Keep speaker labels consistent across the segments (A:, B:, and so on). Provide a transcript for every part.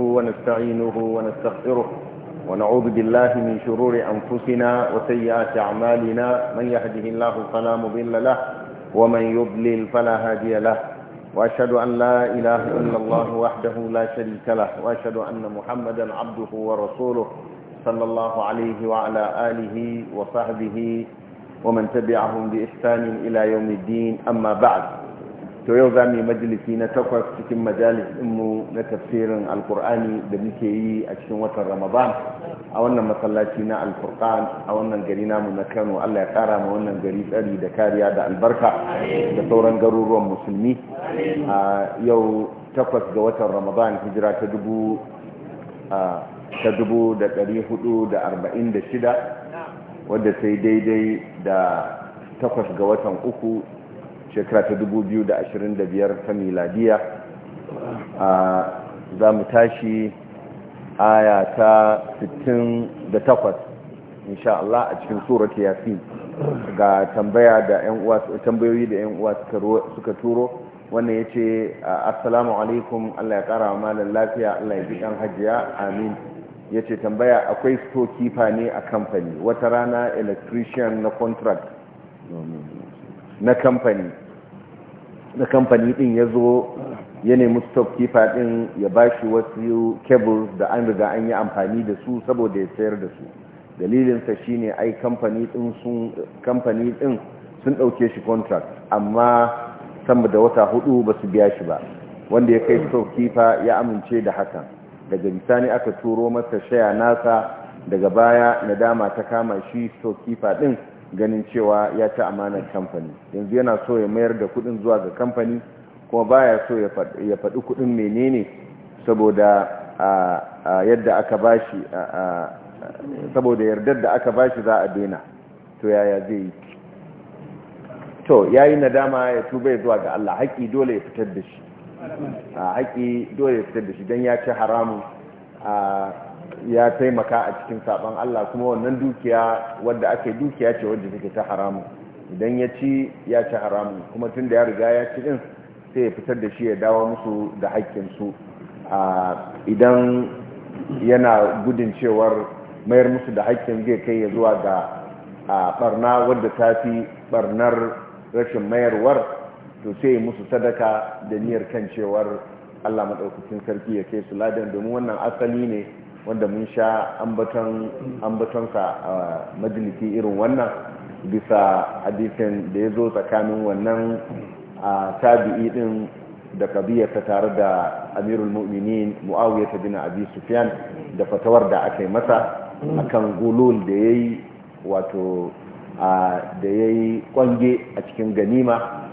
A: نحمده ونستعينه ونستغفره ونعوذ بالله من شرور أنفسنا وسيئات أعمالنا من يهده الله فلا مضل له ومن يضلل فلا هادي له وأشهد أن لا إله إلا الله وحده لا شريك له وأشهد أن محمدا عبده ورسوله صلى الله عليه وعلى آله وصحبه ومن تبعهم بإحسان إلى يوم الدين أما بعد to yau za mu yi majalisi na takwas cikin majalis mu na tafsirin alkur'ani da muke yi a cikin watan ramadan a wannan masallaci na alkur'an a wannan gari namu na kano allah ya kara ma wannan gari tsari da kariya da albarka da sauran garuruwan musulmi a yau takwas ga watan ramadan hijira ta dubu ta dubu da ɗari hudu da arba'in da shida wadda sai daidai da takwas ga watan uku shekara ta dubu da da biyar ta miladiya za mu tashi aya ta 68 insha Allah a cikin surat yasin ga tambaya da yan uwa tambayoyi da yan uwa suka turo wannan yace assalamu alaikum Allah ya kara malan lafiya Allah ya ji dan hajiya amin yace tambaya akwai storekeeper ne a kamfani wata rana electrician na contract na kamfani na kamfani din ya zo ya nemi stockkeeper din ya ba shi wasu cables da an riga an yi amfani da su saboda ya sayar da su dalilinsa shi ne ai kamfani din sun dauke shi contract amma sama da wata hudu ba su biya shi ba wanda ya kai stockkeeper ya amince da hakan daga bisani aka turo masa shaya nasa daga baya nadama ta kama shi stockkeeper din ganin cewa ya ci amanar kamfani yanzu yana so ya mayar da kudin zuwa ga kamfani kuma baya so ya faɗi kudin menene saboda yadda aka bashi saboda yardar da aka bashi za a daina to yaya zai yi to yayi nadama ya tuba zuwa ga Allah haƙi dole ya fitar da shi haƙi dole ya fitar da shi don ya ci haramun ya taimaka a cikin saɓon Allah kuma wannan dukiya wadda ake dukiya ce wadda take ta haramu idan ya ci ya ci haramu kuma tun da ya riga ya ci din sai ya fitar da shi ya dawo musu da haƙƙinsu idan yana gudun cewar mayar musu da haƙƙin zai kai ya zuwa ga barna wadda ta fi barnar rashin mayarwar to sai musu sadaka da niyyar kan cewar Allah maɗaukacin sarki ya kai su ladan domin wannan asali ne wanda mun sha ambatonsa a majalisi irin wannan bisa hadisin da ya zo tsakanin wannan a tabi'i din da kabiyarsa tare da amirul mu'minin mu'awiyar ta bin abi sufyan da fatawar da aka yi masa kan gulul da ya yi wato da ya yi kwange a cikin ganima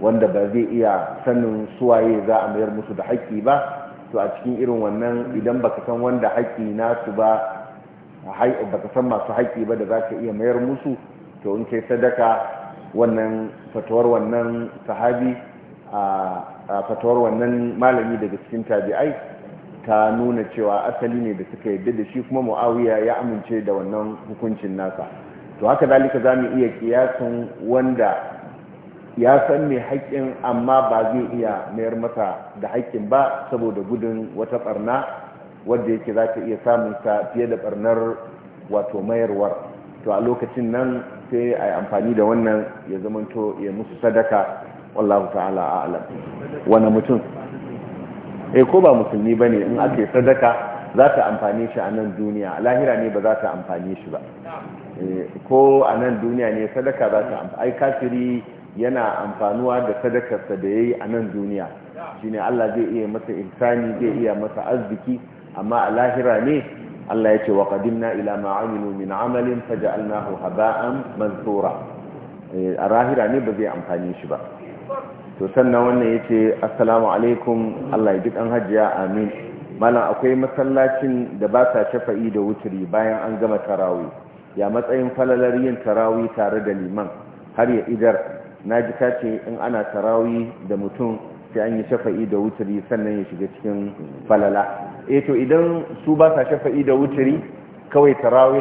A: wanda ba zai iya sanin suwaye za a mayar musu da haƙƙi ba to a cikin irin wannan idan baka san wanda haƙƙi nasu ba baka san masu haƙƙi ba da za ka iya mayar musu to in kai sadaka wannan fatuwar wannan sahabi a fatuwar wannan malami daga cikin tabi'ai ta nuna cewa asali ne da suka yadda da shi kuma mu'awiya ya amince da wannan hukuncin nasa to haka dalika za mu iya kiyasin wanda ya san mai haƙƙin amma ba zai iya mayar masa da haƙƙin ba saboda gudun wata ɓarna wadda yake za ta iya sa fiye da ɓarnar wato mayarwar to a lokacin nan sai a yi amfani da wannan ya zamanto ya musu sadaka wallahu ta'ala a alam wani mutum eh ko ba musulmi ba ne in ake sadaka za ta amfani shi a nan duniya lahira ne ba za ta amfani shi ba eh, ko a nan duniya ne sadaka za ta amfani ai kafiri yana amfanuwa da sadakarsa da ya yi a nan duniya shine Allah zai iya masa insani zai iya masa arziki amma a lahira ne Allah ya ce wa qadimna ila ma amilu min amalin faj'alnahu haba'an mansura eh, a lahira ne ba zai amfani shi ba to sannan wannan yace assalamu alaikum Allah ya ji dan hajiya amin malam akwai masallacin da ba sa shafa'i da wuturi bayan an gama tarawih ya matsayin falalar yin tarawih tare da liman har ya idar na ji kace in ana tarawi da mutum sai an yi shafa'i da wuturi sannan ya shiga cikin falala eh to idan su ba sa shafa'i da wuturi kawai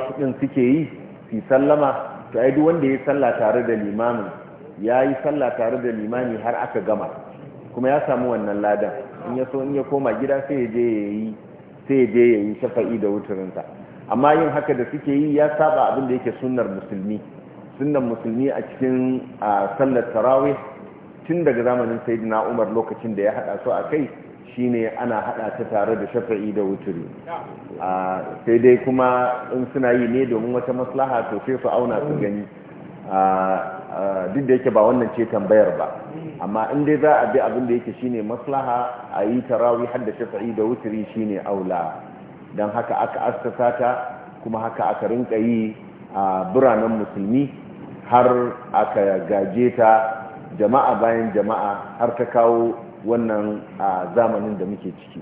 A: su din suke yi fi sallama to ai duk wanda ya salla tare da limamin ya yi salla tare da limami har aka gama kuma ya samu wannan ladan in ya so in ya koma gida sai ya je ya yi sai ya je ya yi shafa'i da wuturinsa amma yin haka da suke yi ya saba abin da yake sunnar musulmi sunnan musulmi a cikin sallar tarawih tun daga zamanin na Umar lokacin da ya hada su a kai shine ana hada ta tare da shafa'i da wuturi sai dai kuma in suna yi ne domin wata maslaha to sai su auna su mm. gani duk da yake ba wannan ce tambayar ba mm. amma in dai za a bi abin da yake shine maslaha a yi tarawih har da shafa'i da wuturi shine aula don haka aka assasa ta kuma haka aka rinka yi a biranen musulmi har aka gaje ta jama'a bayan jama'a har ta kawo wannan a zamanin da muke ciki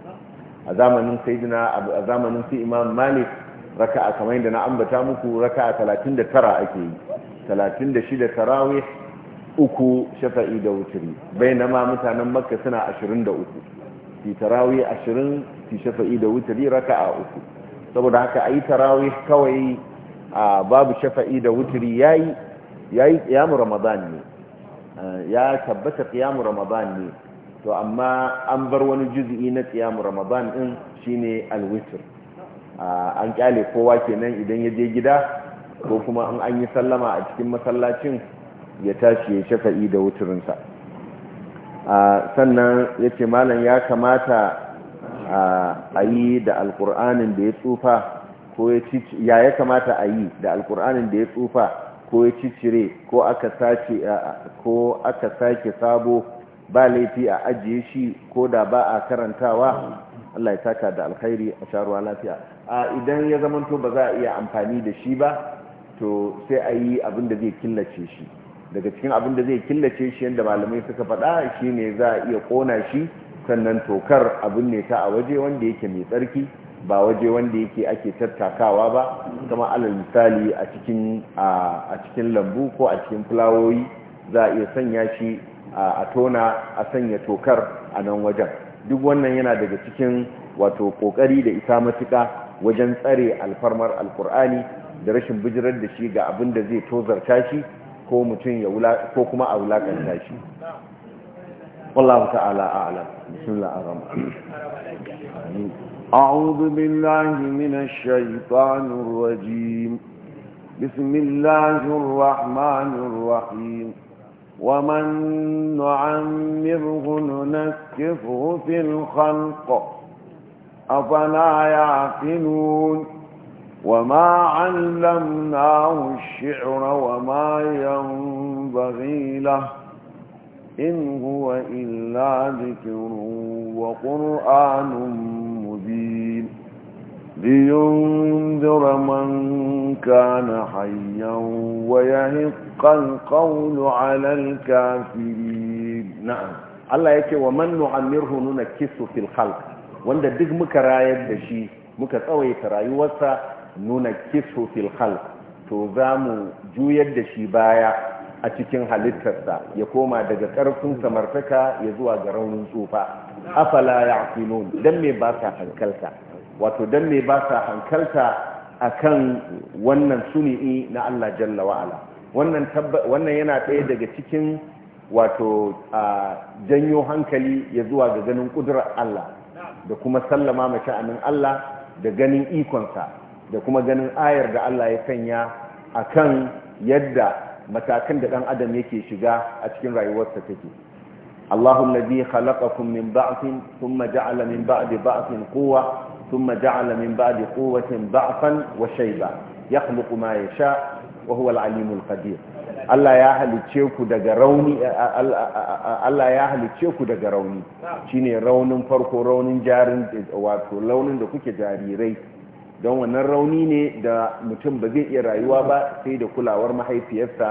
A: a zamanin saidina a zamanin su imam malik raka a kamar yadda na ambata muku raka a 39 ake yi 36 tarawih uku shafa'i da wuturi bai na ma mutanen makka suna 23 fi tarawih 20 fi shafa'i da wuturi a uku saboda haka ayi tarawih kawai babu shafa'i da wuturi yi. yayi yi ramadan ne eh, ya tabbata qiyam ramadan ne to amma an bar wani juzu'i na qiyam ramadan din shine alwitir eh, an ƙyale kowa kenan idan yaje gida ko kuma an yi sallama a cikin masallacin ya tashi ya shafa'i da wuturinsa eh, sannan yace malam ya kamata a yi da alqur'anin da ya tsufa ko ya ya kamata a yi da alƙur'anin da ya tsufa ko ya cicire ko aka sace ko aka sake sabo ba laifi a ajiye shi ko da ba a karantawa Allah ya saka da alkhairi a sharuwa lafiya a idan ya zamanto ba za a iya amfani da shi ba to sai a yi abin da zai killace shi daga cikin abin da zai killace shi yadda malamai suka faɗa shine za a iya ƙona shi sannan tokar abin ne ta a waje wanda yake mai tsarki ba waje wanda yake ake tattakawa ba kuma alal misali a cikin a cikin lambu ko a cikin fulawoyi za a iya sanya shi a tona a sanya tokar a nan wajen duk wannan yana daga cikin wato kokari da isa matuƙa wajen tsare alfarmar alkur'ani da rashin bijirar da shi ga abin da zai tozarta shi ko mutum ya wula ko kuma a wulakanta shi wallahu ta'ala a'lam bismillahir rahmanir
B: أعوذ بالله من الشيطان الرجيم بسم الله الرحمن الرحيم ومن نعمره ننكفه في الخلق أفلا يعقلون وما علمناه الشعر وما ينبغي له إن هو إلا ذكر وقرآن السبيل لينذر من كان حيا
A: ويهق القول على الكافرين نعم الله يكي ومن نعمره ننكسه في الخلق وانا دق مكا راية دشي مكا تسوي تراي وسا ننكسه في الخلق to za mu juyar da shi baya a cikin halittarsa ya koma daga ƙarfin samartaka ya zuwa ga raunin tsufa afala ya'qilun dan me ba sa hankalta wato dan me ba sa hankalta akan wannan suni'i na Allah jalla wa ala wannan yana ɗaya daga cikin wato janyo hankali ya zuwa ga ganin kudurar Allah da kuma sallama mace sha'anin Allah da ganin ikonsa da kuma ganin ayar da Allah ya sanya akan yadda matakan da ɗan adam yake shiga a cikin rayuwarsa take الله الذي خلقكم من بعث ثم جعل من بعد بعث قوة ثم جعل من بعد قوة بعثا وشيبا يخلق ما يشاء وهو العليم القدير Allah ya halicce ku daga rauni Allah ya halicce ku daga rauni shine raunin farko raunin jarin wato launin da kuke jarirai don wannan rauni ne da mutum ba zai iya rayuwa ba sai da kulawar mahaifiyarsa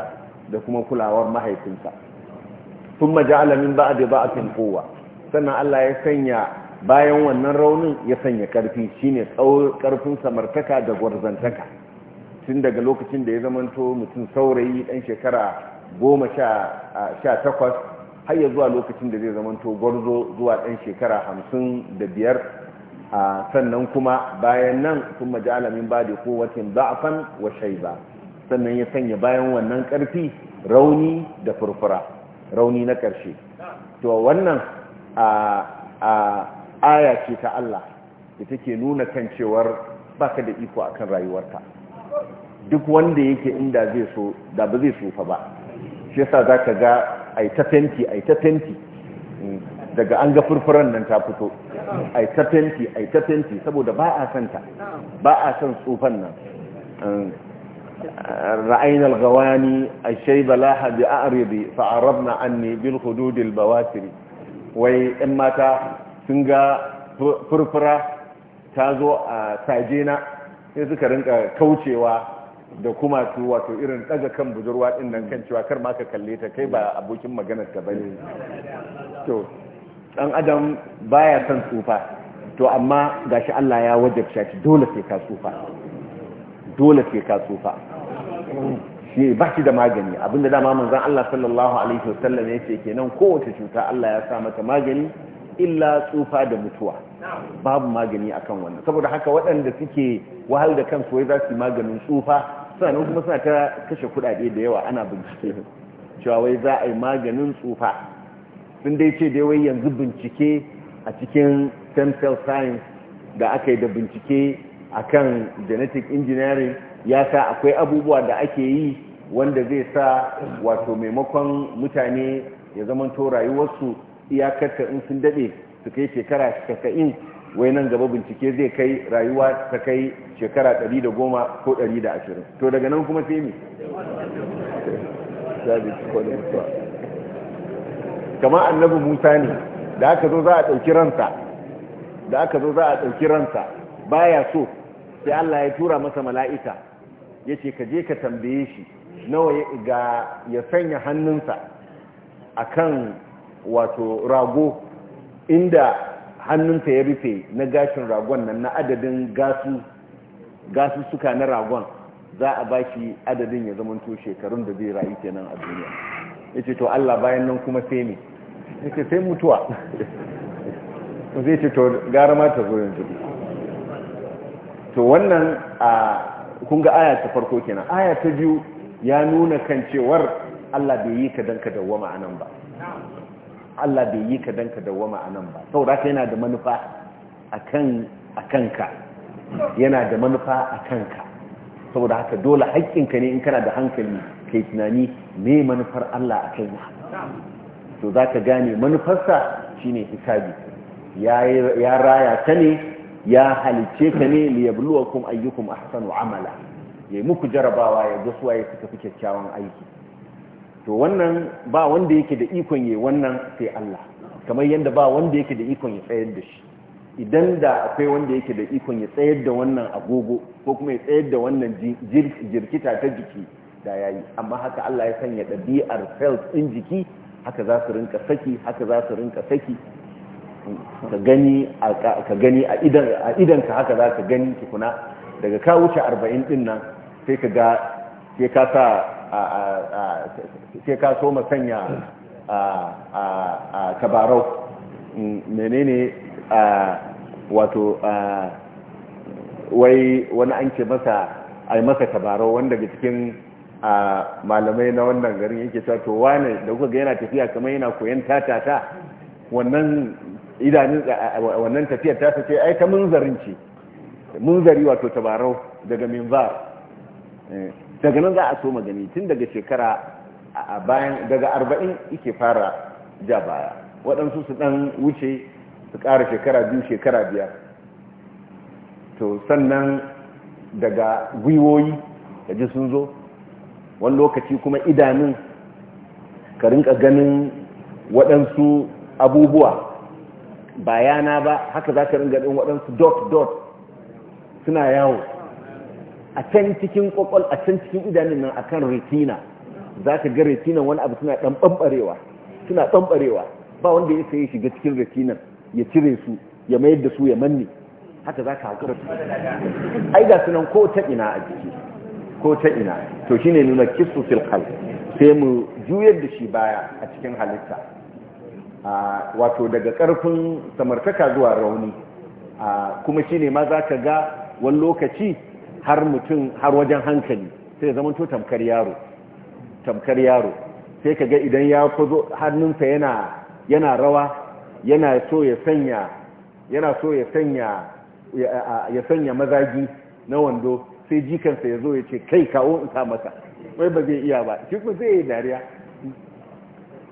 A: da kuma kulawar mahaifinsa a ja'ala min ba'di da'atin quwwa sannan Allah ya sanya bayan wannan raunin ya sanya karfi shine ne karfin samartaka da gwarzantaka tun daga lokacin da ya zamanto mutum saurayi dan shekara goma sha takwas har ya zuwa lokacin da zai zamanto gwarzo zuwa dan shekara hamsin da biyar sannan kuma bayan nan sun maji alamin ba da kowacin za'afan wa shaiba sannan ya sanya bayan wannan karfi rauni da furfura rauni na ƙarshe to wannan a aya ce ta Allah da take nuna kan cewar baka da iko akan rayuwarka duk wanda yake inda zai so da ba zai sofa ba shi yasa zaka ga ai ta fenti ai fenti daga an ga furfuran nan ta fito ai ta fenti ai fenti saboda ba a santa ba a san tsufan nan رأينا الغواني الشيب لاح بأعرضي فعرضنا عني بالخدود البواسر وي إما تا سنغا فرفرة تازو ساجينا يذكرن كوشي و da kuma su wato irin daga kan budurwa din nan kan cewa kar ma ka kalle ta kai ba abokin maganar ka bane to dan adam baya san tsufa to amma gashi Allah ya wajabta shi dole sai ka tsufa dole ke ka tsufa shi ba shi da magani abinda dama manzon Allah sallallahu alaihi wasallam yace kenan kowace cuta Allah ya sa mata magani illa tsufa da mutuwa babu magani akan wannan saboda haka waɗanda suke wahal da kansu wai za su maganin tsufa sannan kuma suna ta kashe kuɗaɗe da yawa ana bincike cewa wai za a yi maganin tsufa sun dai ce dai wai yanzu bincike a cikin stem cell science da aka yi da bincike akan genetic engineering ya sa akwai abubuwa da ake yi wanda zai sa wato maimakon mutane ya zamanto rayuwarsu iyakarta in sun dade su kai shekara 90 wai nan gaba bincike zai kai rayuwa ta kai shekara 110 ko 120 to daga nan kuma sai ne kama annabi musa ne da aka zo za a ɗauki ransa da aka zo za a ɗauki ransa baya so sai Allah ya tura masa mala'ika ya ce ka je ka tambaye shi nawa ga ya sanya hannunsa a kan wato rago inda hannunsa ya rufe na gashin ragon nan na adadin gasu suka na ragon za a ba shi adadin ya zamanto shekarun da zai rayu kenan a duniya ya ce to Allah bayan nan kuma sai ne ya ce sai mutuwa zai ce to gara ma ta zo yanzu to wannan a kun ga aya ta farko kenan aya ta biyu ya nuna kan cewar Allah bai yi ka dan ka dawwama anan ba Allah bai yi ka dan ka dawwama anan ba saboda yana da manufa akan akanka yana da manufa akanka saboda haka dole haƙƙinka ne in kana da hankali kai tunani me manufar Allah akan to zaka gane manufarsa shine hisabi ya raya ta ne ya halice ka ne liyabluwakum ayyukum ahsanu amala yayi muku jarabawa ya ga suwaye suka fi kyakkyawan aiki to wannan ba wanda yake da ikon yayi wannan sai Allah kamar yanda ba wanda yake da ikon ya tsayar da shi idan da akwai wanda yake da ikon ya tsayar da wannan agogo ko kuma ya tsayar da wannan jirkita ta jiki da yayi amma haka Allah ya sanya ɗabi'ar cells in jiki haka za su rinka saki haka za su rinka saki ka gani a idan ka haka za ka gani tukuna daga ka wuce arba'in din nan sai ka ga sai ka so masanya a kabarau menene wato wai wani an ce masa ai masa kabarau wanda daga cikin malamai na wannan garin yake cewa to wane da kuka ga yana tafiya kamar yana koyan tatata wannan idanun wannan tafiyar ta sace ai ta munzarin ce munzari wato tabarau daga minzar eh, daga nan za a so magani tun daga shekara a bayan daga arba'in ike fara ja baya waɗansu su ɗan wuce su ƙara shekara biyu shekara biyar to sannan daga gwiwoyi da ji sun zo wani lokaci kuma idanun ka rinka ganin waɗansu abubuwa ba yana ba haka za ka ringa ɗin waɗansu dot dot suna yawo a can cikin ƙwaƙwal a can cikin idanun nan akan retina za ka ga retina wani abu suna ɗan ɓamɓarewa suna ɓamɓarewa ba wanda ya sai shiga cikin retinan ya cire su ya mayar da su ya manne haka za ka haƙura su ai ga sunan ko ta ina a jiki ko ta ina to shine nuna kisu fil sai mu juyar da shi baya a cikin halitta wato daga karfin samartaka zuwa rauni kuma shi ne ma za ka ga wani lokaci har mutum har wajen hankali sai zama to tamkar yaro tamkar yaro sai ka ga idan ya kuzo hannunsa yana yana rawa yana so ya sanya yana so ya sanya ya sanya mazagi na wando sai jikansa ya zo ya ce kai kawo in sa masa wai ba zai iya ba shi ku zai yi dariya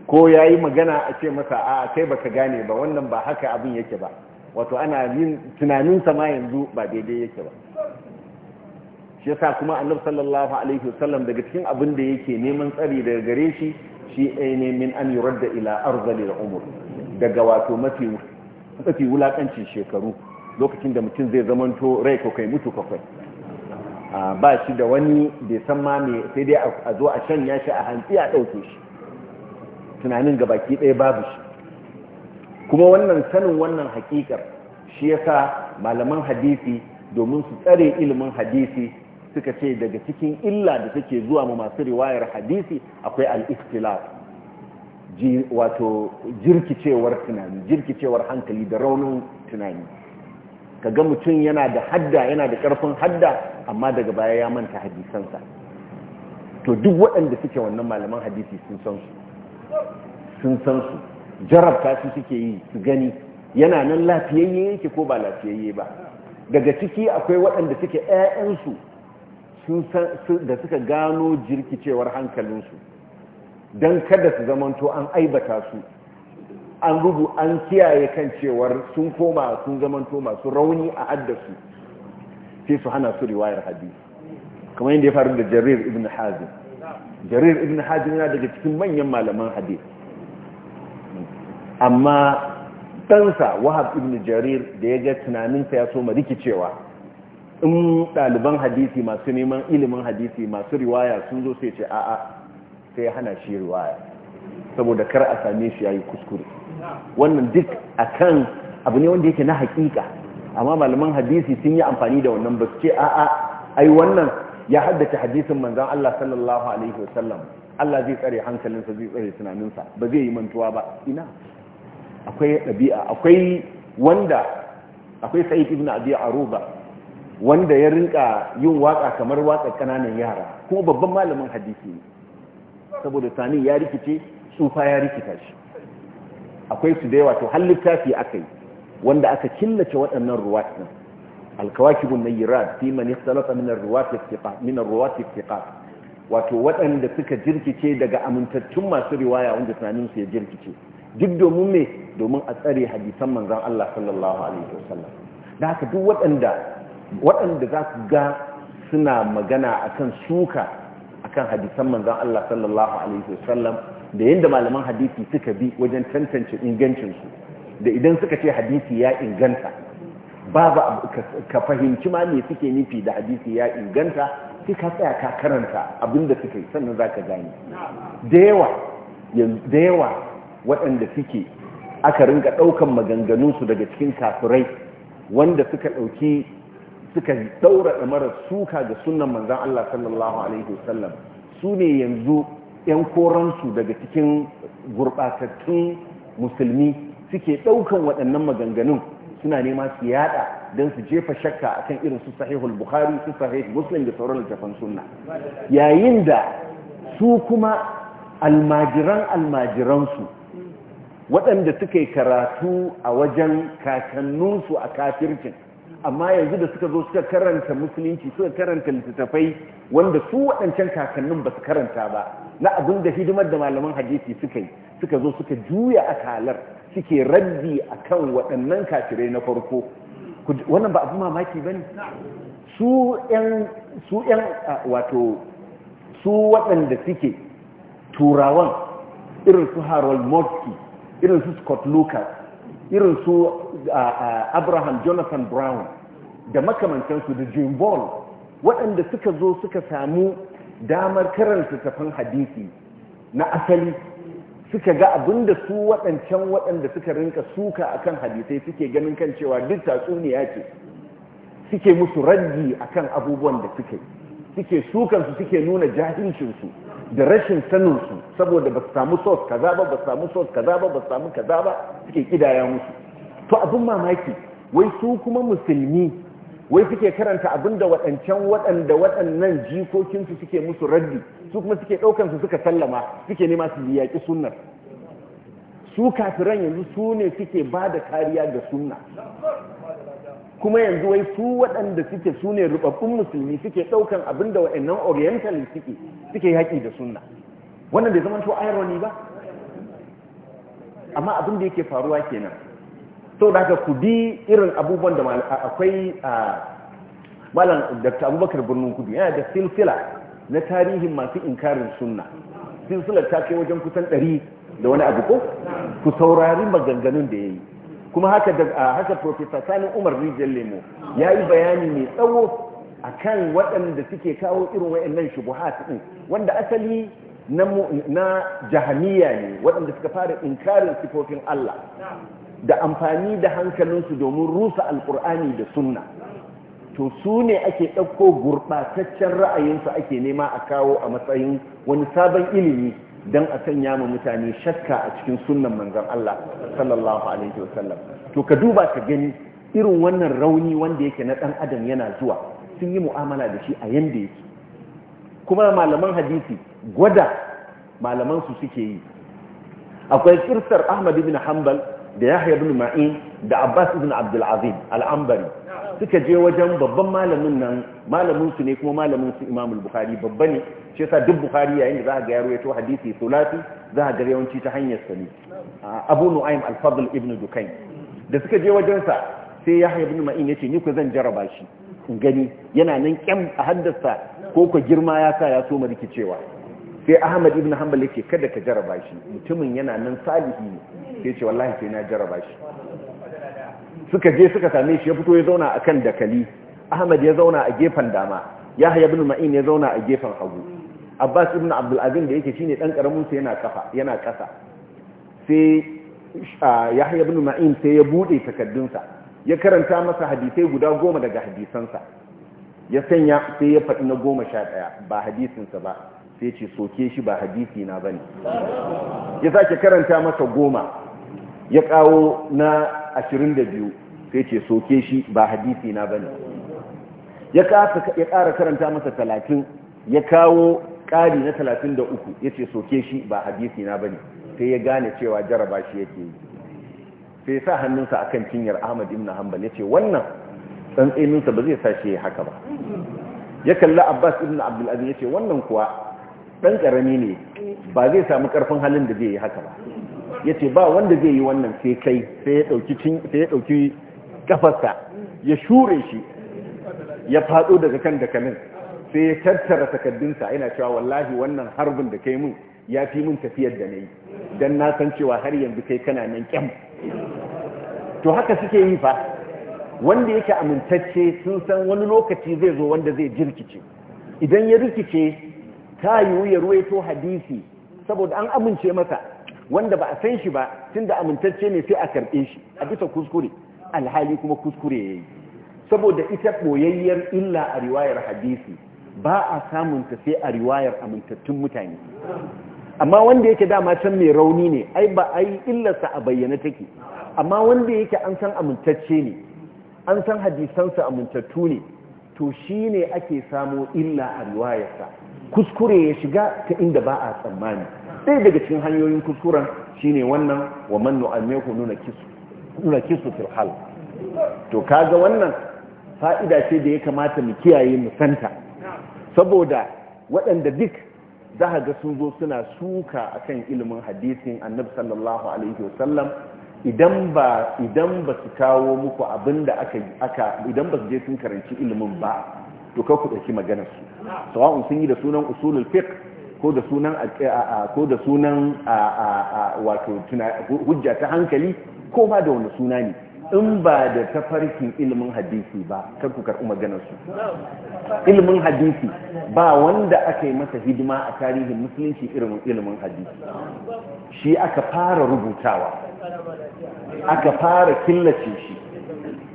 A: ko ya yi magana a ce masa a kai baka gane ba wannan ba haka abin yake ba wato ana yin tunaninsa ma yanzu ba daidai yake ba shi yasa kuma annabi sallallahu alaihi wasallam daga cikin abin da yake neman tsari daga gare shi shi ne min an yurda ila arzalil umur daga wato mafi mafi wulakancin shekaru lokacin da mutum zai zamanto rai ko kai mutu kakwai ah, ba shi da wani bai san ma me sai dai a zo a shanya shi a hantsi a ɗauke shi tunanin ga baki ɗaya babu shi kuma wannan sanin wannan hakikar shi yasa malaman hadisi domin su tsare ilimin hadisi suka ce daga cikin illa da take zuwa ma masu riwayar hadisi akwai al-ikhtilaf wato jirkicewar tunani jirkicewar hankali da raunin tunani kaga mutum yana da hadda yana da karfin hadda amma daga baya ya manta hadisansa to duk waɗanda suke wannan malaman hadisi sun san su sun san su jarabta su suke yi su gani yana nan lafiyayye yake ko ba lafiyayye ba daga ciki akwai waɗanda suke 'ya'yansu da suka gano jirkicewar hankalinsu don kada su zamanto an aibata su an rubu an kiyaye kan cewar sun koma sun zamanto masu rauni a haddasu sai su hana su riwayar hadisi kamar yadda ya faru da jarir ibn hazin jarir ibn hajji yana daga cikin manyan malaman hadith amma ɗansa wahab ibn jarir da ya ga tunaninsa ya so ma rikicewa in ɗaliban hadisi masu neman ilimin hadisi masu riwaya sun zo sai ce a'a sai hana shi riwaya saboda kar a same shi yayi kuskure wannan duk akan abu ne wanda yake na hakika amma malaman hadisi sun yi amfani da wannan ba su ce a'a ai wannan ya haddace hadisin manzon Allah sallallahu alaihi wasallam Allah zai tsare hankalinsa zai tsare tunaninsa ba zai yi mantuwa ba ina akwai ɗabi'a akwai wanda akwai sa'id ibn abi aruba wanda ya rinka yin waka kamar waka kananan yara kuma babban malamin hadisi ne saboda tani ya rikice tsufa ya rikita shi akwai su da yawa to har littafi akai wanda aka killace waɗannan ruwa الكواكب النيرات في من اختلط من الرواة الثقات من الرواة الثقات wato waɗanda suka jirkice daga amintaccun masu riwaya wanda tunaninsu ya jirkice duk domin me domin a tsare hadisan manzan Allah sallallahu alaihi wasallam da haka duk waɗanda waɗanda za su ga suna magana akan suka akan hadisan manzan Allah sallallahu alaihi wasallam da yadda malaman hadisi suka bi wajen tantance ingancinsu da idan suka ce hadisi ya inganta babu ka fahimci ma me suke nufi da hadisi ya inganta sai ka tsaya ka karanta abinda suka yi sannan za gani da yawa da yawa waɗanda suke aka ringa ɗaukan maganganunsu daga cikin kafirai wanda suka ɗauki suka daura suka ga sunan manzan Allah sallallahu alaihi wasallam su ne yanzu 'yan koransu daga cikin gurɓatattun musulmi suke ɗaukan waɗannan maganganun suna nema su yada don su jefa shakka a kan irin su sahihul bukhari su sahih muslim da sauran littafan sunna yayin da su kuma almajiran almajiransu waɗanda suka yi karatu a wajen kakanninsu a kafircin amma yanzu da suka zo suka karanta musulunci suka karanta littattafai wanda su waɗancan kakannin ba su karanta ba na abin da hidimar da malaman hadisi suka yi suka zo suka juya akalar suke raddi kan waɗannan kafirai na farko wannan ba abu mamaki ba ne su ‘yan wato su waɗanda suke turawan irin su harold mosky irin su scott lucas irin su abraham jonathan brown da makamantansu da jim ball waɗanda suka zo suka samu damar karanta tafan hadisi na asali suka ga abin da su waɗancan waɗanda suka rinka suka a kan hadisai suke ganin kan cewa duk tatsuniya ce suke musu a kan abubuwan da suke suke sukansu suke nuna jahilcinsu da rashin saninsu saboda ba su samu sos kaza ba ba su samu sos kaza ba ba su samu kaza ba suke kidaya musu to abin mamaki wai su kuma musulmi wai suke karanta abin da waɗancan waɗanda waɗannan jikokinsu suke musu raddi su kuma suke ɗaukansu suka sallama suke nema su yaƙi sunnar su kafiran yanzu su ne suke ba da kariya ga sunna kuma yanzu wai su waɗanda suke su ne rubabbun musulmi suke ɗaukan abin da waɗannan oriental suke suke yaƙi da sunna wannan bai zama to irony ba amma abin da yake faruwa kenan so da haka kudi irin abubuwan da akwai a malam dr abubakar birnin kudu yana da silsila na tarihin masu inkarin sunna silsilar ta kai wajen kusan ɗari da wani abu ko ku saurari maganganun da ya yi kuma haka haka professor sani umar rijiyar lemo ya yi bayani mai tsawo a kan waɗanda suke kawo irin wayannan shubuhat ɗin wanda asali na jahamiya ne waɗanda suka fara inkarin sifofin allah da amfani da hankalinsu domin rusa alkur'ani da sunna to su ne ake ɗauko gurɓataccen ra'ayinsu ake nema a kawo a matsayin wani sabon ilimi don a sanya ma mutane shakka a cikin sunan manzan Allah sallallahu alaihi wasallam to ka duba ka gani irin wannan rauni wanda yake na ɗan adam yana zuwa sun yi mu'amala da shi a yanda yake kuma malaman hadisi gwada malamansu suke yi akwai kirsar Ahmad ibn Hanbal da yahya ibn ma'in da abbas ibn abdul azim Al'ambari suka je wajen babban malamin nan malamin su ne kuma malamin su imam al-bukhari babba ne shi yasa duk bukhari yayin da za ga yaro ya to hadisi sulati za a ga yawanci ta hanyar sa ne abu nu'aym al-fadl ibn Dukai da suka je wajensa sai yahya ibn ma'in yace ni ku zan jaraba shi in gani yana nan kyam a haddasa ko ku girma ya sa ya so rikicewa sai ahmad ibn hanbal yake kada ka jaraba shi mutumin yana nan salihi ne sai ce wallahi sai na jaraba shi suka je suka same shi ya fito ya zauna a kan dakali ahmad ya zauna a gefen dama yahya ibn ma'in ya zauna a gefen hagu abbas ibn abdul azim da yake shine dan karamin sa yana kafa yana kasa sai yahya ibn ma'in sai ya bude sa ya karanta masa hadisai guda goma daga hadisansa ya sanya sai ya faɗi na goma sha ɗaya ba ba sai ce soke shi ba hadisi na bane ya sake karanta masa goma ya kawo na 22 sai ce soke shi ba hadisi na bane ya kara karanta masa 30 ya kawo ƙari na 33 ya ce soke shi ba hadisi na bane sai ya gane cewa jaraba shi yake yi sai sa hannunsa akan cinyar Ahmad ibn Hanbal ya ce wannan tsantsaninsa ba zai sa shi haka ba ya kalli Abbas ibn Abdul ya ce wannan kuwa dan karami ne ba zai samu karfin halin da zai yi haka ba Ya ce ba wanda zai yi wannan sai kai sai ya dauki ya shure shi ya fado daga kan dakalin sai ya tattara takaddunsa yana cewa wallahi wannan harbin da kai mun ya fi mun tafiyar da nayi don na san cewa har yanzu kai kana nan kyam to haka suke yi fa wanda yake amintacce sun san wani lokaci zai zo wanda zai jirkice idan ya rikice ta yiwu ya ruwaito hadisi saboda an amince masa wanda ba a san shi ba tunda amintacce ne sai a karɓe shi a bisa kuskure alhali kuma kuskure ya yi saboda ita ɓoyayyar illa a riwayar hadisi ba a samunta sai a riwayar amintattun mutane amma wanda yake dama can mai rauni ne ai ba a yi illarsa a bayyana take amma wanda yake an san amintacce ne an san hadisansa amintattu ne to shi ne ake samo illa a riwayarsa kuskure ya shiga ta inda ba a tsammani ɗaya daga cikin hanyoyin kuskuren shine wannan wa man nu'ammihu nuna kisu nuna kisu fil hal to kaga wannan fa'ida ce da ya kamata mu kiyaye mu santa saboda waɗanda duk za a ga sun zo suna suka kan ilimin hadisin annabi sallallahu alaihi wasallam idan ba idan ba su kawo muku abinda aka aka idan ba su je sun karanci ilimin ba to ka ku ɗauki maganar su sawa'un sun yi da sunan usulul fiqh ko da sunan ko da sunan wato hujja ta hankali ko ma da wani suna ne in ba da tafarkin ilimin hadisi ba kar ku karɓi maganarsu
C: ilimin hadisi ba
A: wanda aka yi masa hidima a tarihin musulunci irin ilimin hadisi shi aka fara rubutawa aka fara killace shi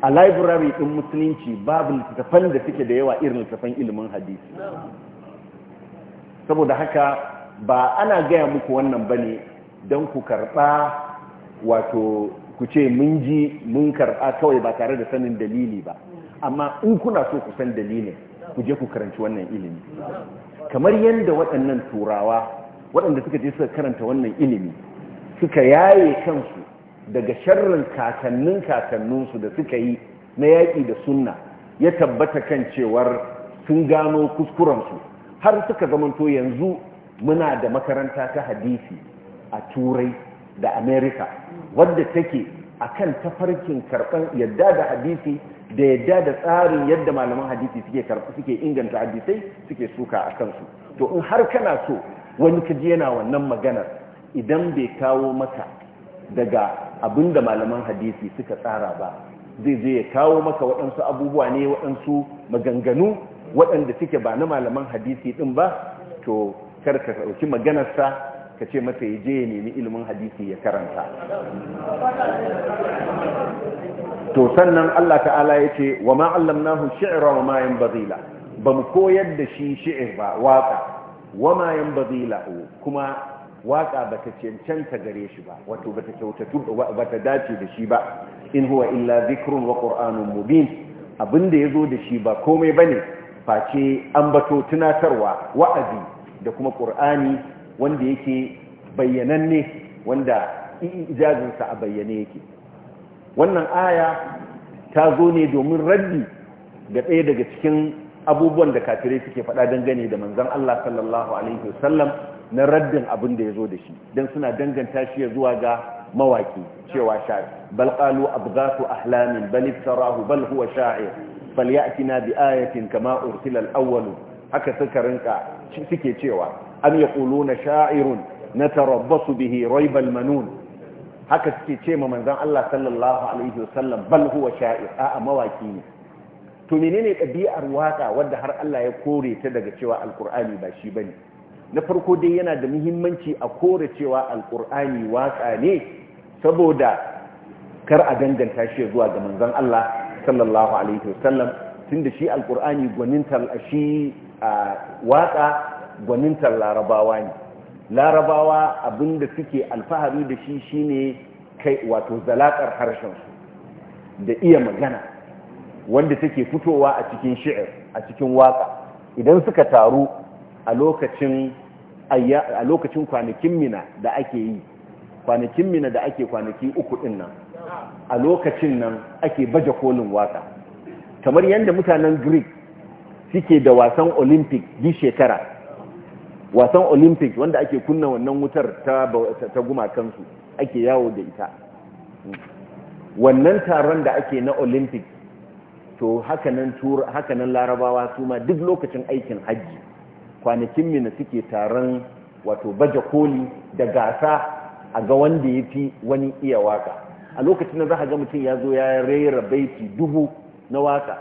A: a library ɗin musulunci babu littattafan da suke da yawa irin littattafan ilimin hadisi saboda haka ba ana gaya muku wannan ba ne don ku karɓa wato ku ce mun ji mun karɓa kawai ba tare da sanin dalili ba amma in kuna so ku san dalilin ku je ku karanci wannan ilimi kamar yadda waɗannan turawa waɗanda suka je suka karanta wannan ilimi suka yaye kansu daga sharrin kakannin kakanninsu da suka yi na yaƙi da sunna ya tabbata kan cewar sun gano kuskurensu har suka zamanto yanzu muna da makaranta ta hadisi a turai da amerika wadda take akan tafarkin karɓar yadda da hadisi da yadda da tsarin yadda malaman hadisi suke suke inganta hadisai suke suka a kansu to in har kana so wani kaji yana wannan maganar idan bai kawo maka daga abinda malaman hadisi suka tsara ba zai je ya kawo maka waɗansu abubuwa ne waɗansu maganganu waɗanda suke ba na malaman hadisi din ba to karka ɗauki maganarsa ka ce masa ya je ya nemi ilimin hadisi ya karanta to sannan Allah ta'ala ya ce wa ma'allamnahu shi'ra wa ma bazila ba mu koyar da shi shi'ir ba waƙa wa ma Bazila lahu kuma ba bata cancanta gare shi ba wato bata kyautatu bata dace da shi ba in huwa illa zikrun wa mubin abinda zo da shi ba komai ba ne. face ambato tunatarwa wa'azi da kuma qur'ani wanda yake bayyananne wanda ijazinsa a bayyane yake wannan aya ta zo ne domin raddi ga ɗaya daga cikin abubuwan da kafirai suke faɗa dangane da manzon Allah sallallahu alaihi wasallam na raddin abin da ya zo da shi don suna danganta shi zuwa ga mawaki cewa sha'ir bal qalu abghatu ahlamin bal iftarahu bal huwa sha'ir falyatina bi ayatin kama ursila al-awwal haka suka rinka suke cewa am yaquluna sha'irun natarabbasu bihi raibal manun haka suke ce ma manzon Allah sallallahu alaihi wasallam bal huwa sha'ir a'a mawaki ne to menene ɗabi'ar waka wadda har Allah ya kore ta daga cewa alkur'ani ba shi bane na farko dai yana da muhimmanci a kore cewa alkur'ani waka ne saboda kar a danganta shi zuwa ga manzon Allah sallallahu alaihi wasallam tunda shi alkur'ani gwanintar shi waka gwanintar larabawa ne larabawa abinda suke alfahari da shi shine kai wato zalakar harshen da iya magana wanda take fitowa a cikin shi'ir a cikin waka idan suka taru a lokacin a lokacin kwanakin mina da ake yi kwanakin mina da ake kwanaki uku din nan a lokacin nan ake baje kolin waka kamar yadda mutanen greek suke da wasan olympic bi shekara wasan olympic wanda ake kunna wannan wutar ta gumakansu ake yawo da ita wannan taron da ake na olympic to hakanan larabawa su ma duk lokacin aikin hajji kwanakin mina suke taron wato baje koli da gasa a ga wanda ya fi wani iya waka a lokacin nan za ka ga mutum ya zo ya rera baiti dubu na waka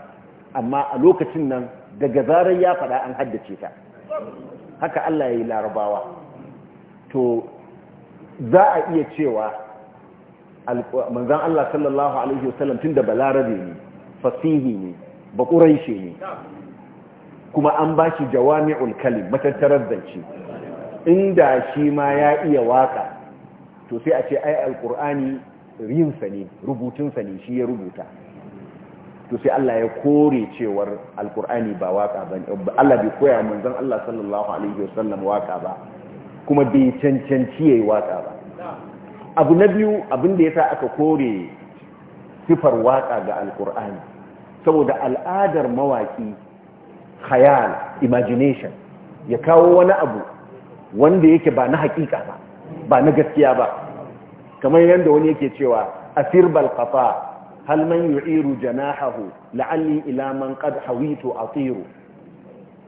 A: amma a lokacin nan daga zarar ya faɗa an haddace ta haka Allah ya yi larabawa to za a iya cewa manzan Allah sallallahu Alaihi wasallam tun da balarabe ne fasihi ne Baƙuraishe ne kuma an ba shi jawami'ul kalim matattarar zance inda shi ma ya iya waka to sai a ce ai alkur'ani yinsa ne rubutunsa ne shi ya rubuta to sai Allah ya kore cewar alkur'ani ba waka ba Allah bai koya manzon Allah sallallahu alaihi wasallam waka ba kuma bai cancanci yayi waka ba abu na biyu abin da yasa aka kore sifar waka ga alkur'ani saboda al'adar mawaki khayal imagination ya kawo wani abu wanda yake ba na hakika ba ba na gaskiya ba kamar yadda wani yake cewa asir kafa halman man yu'iru janahahu la'alli ila man qad hawitu atiru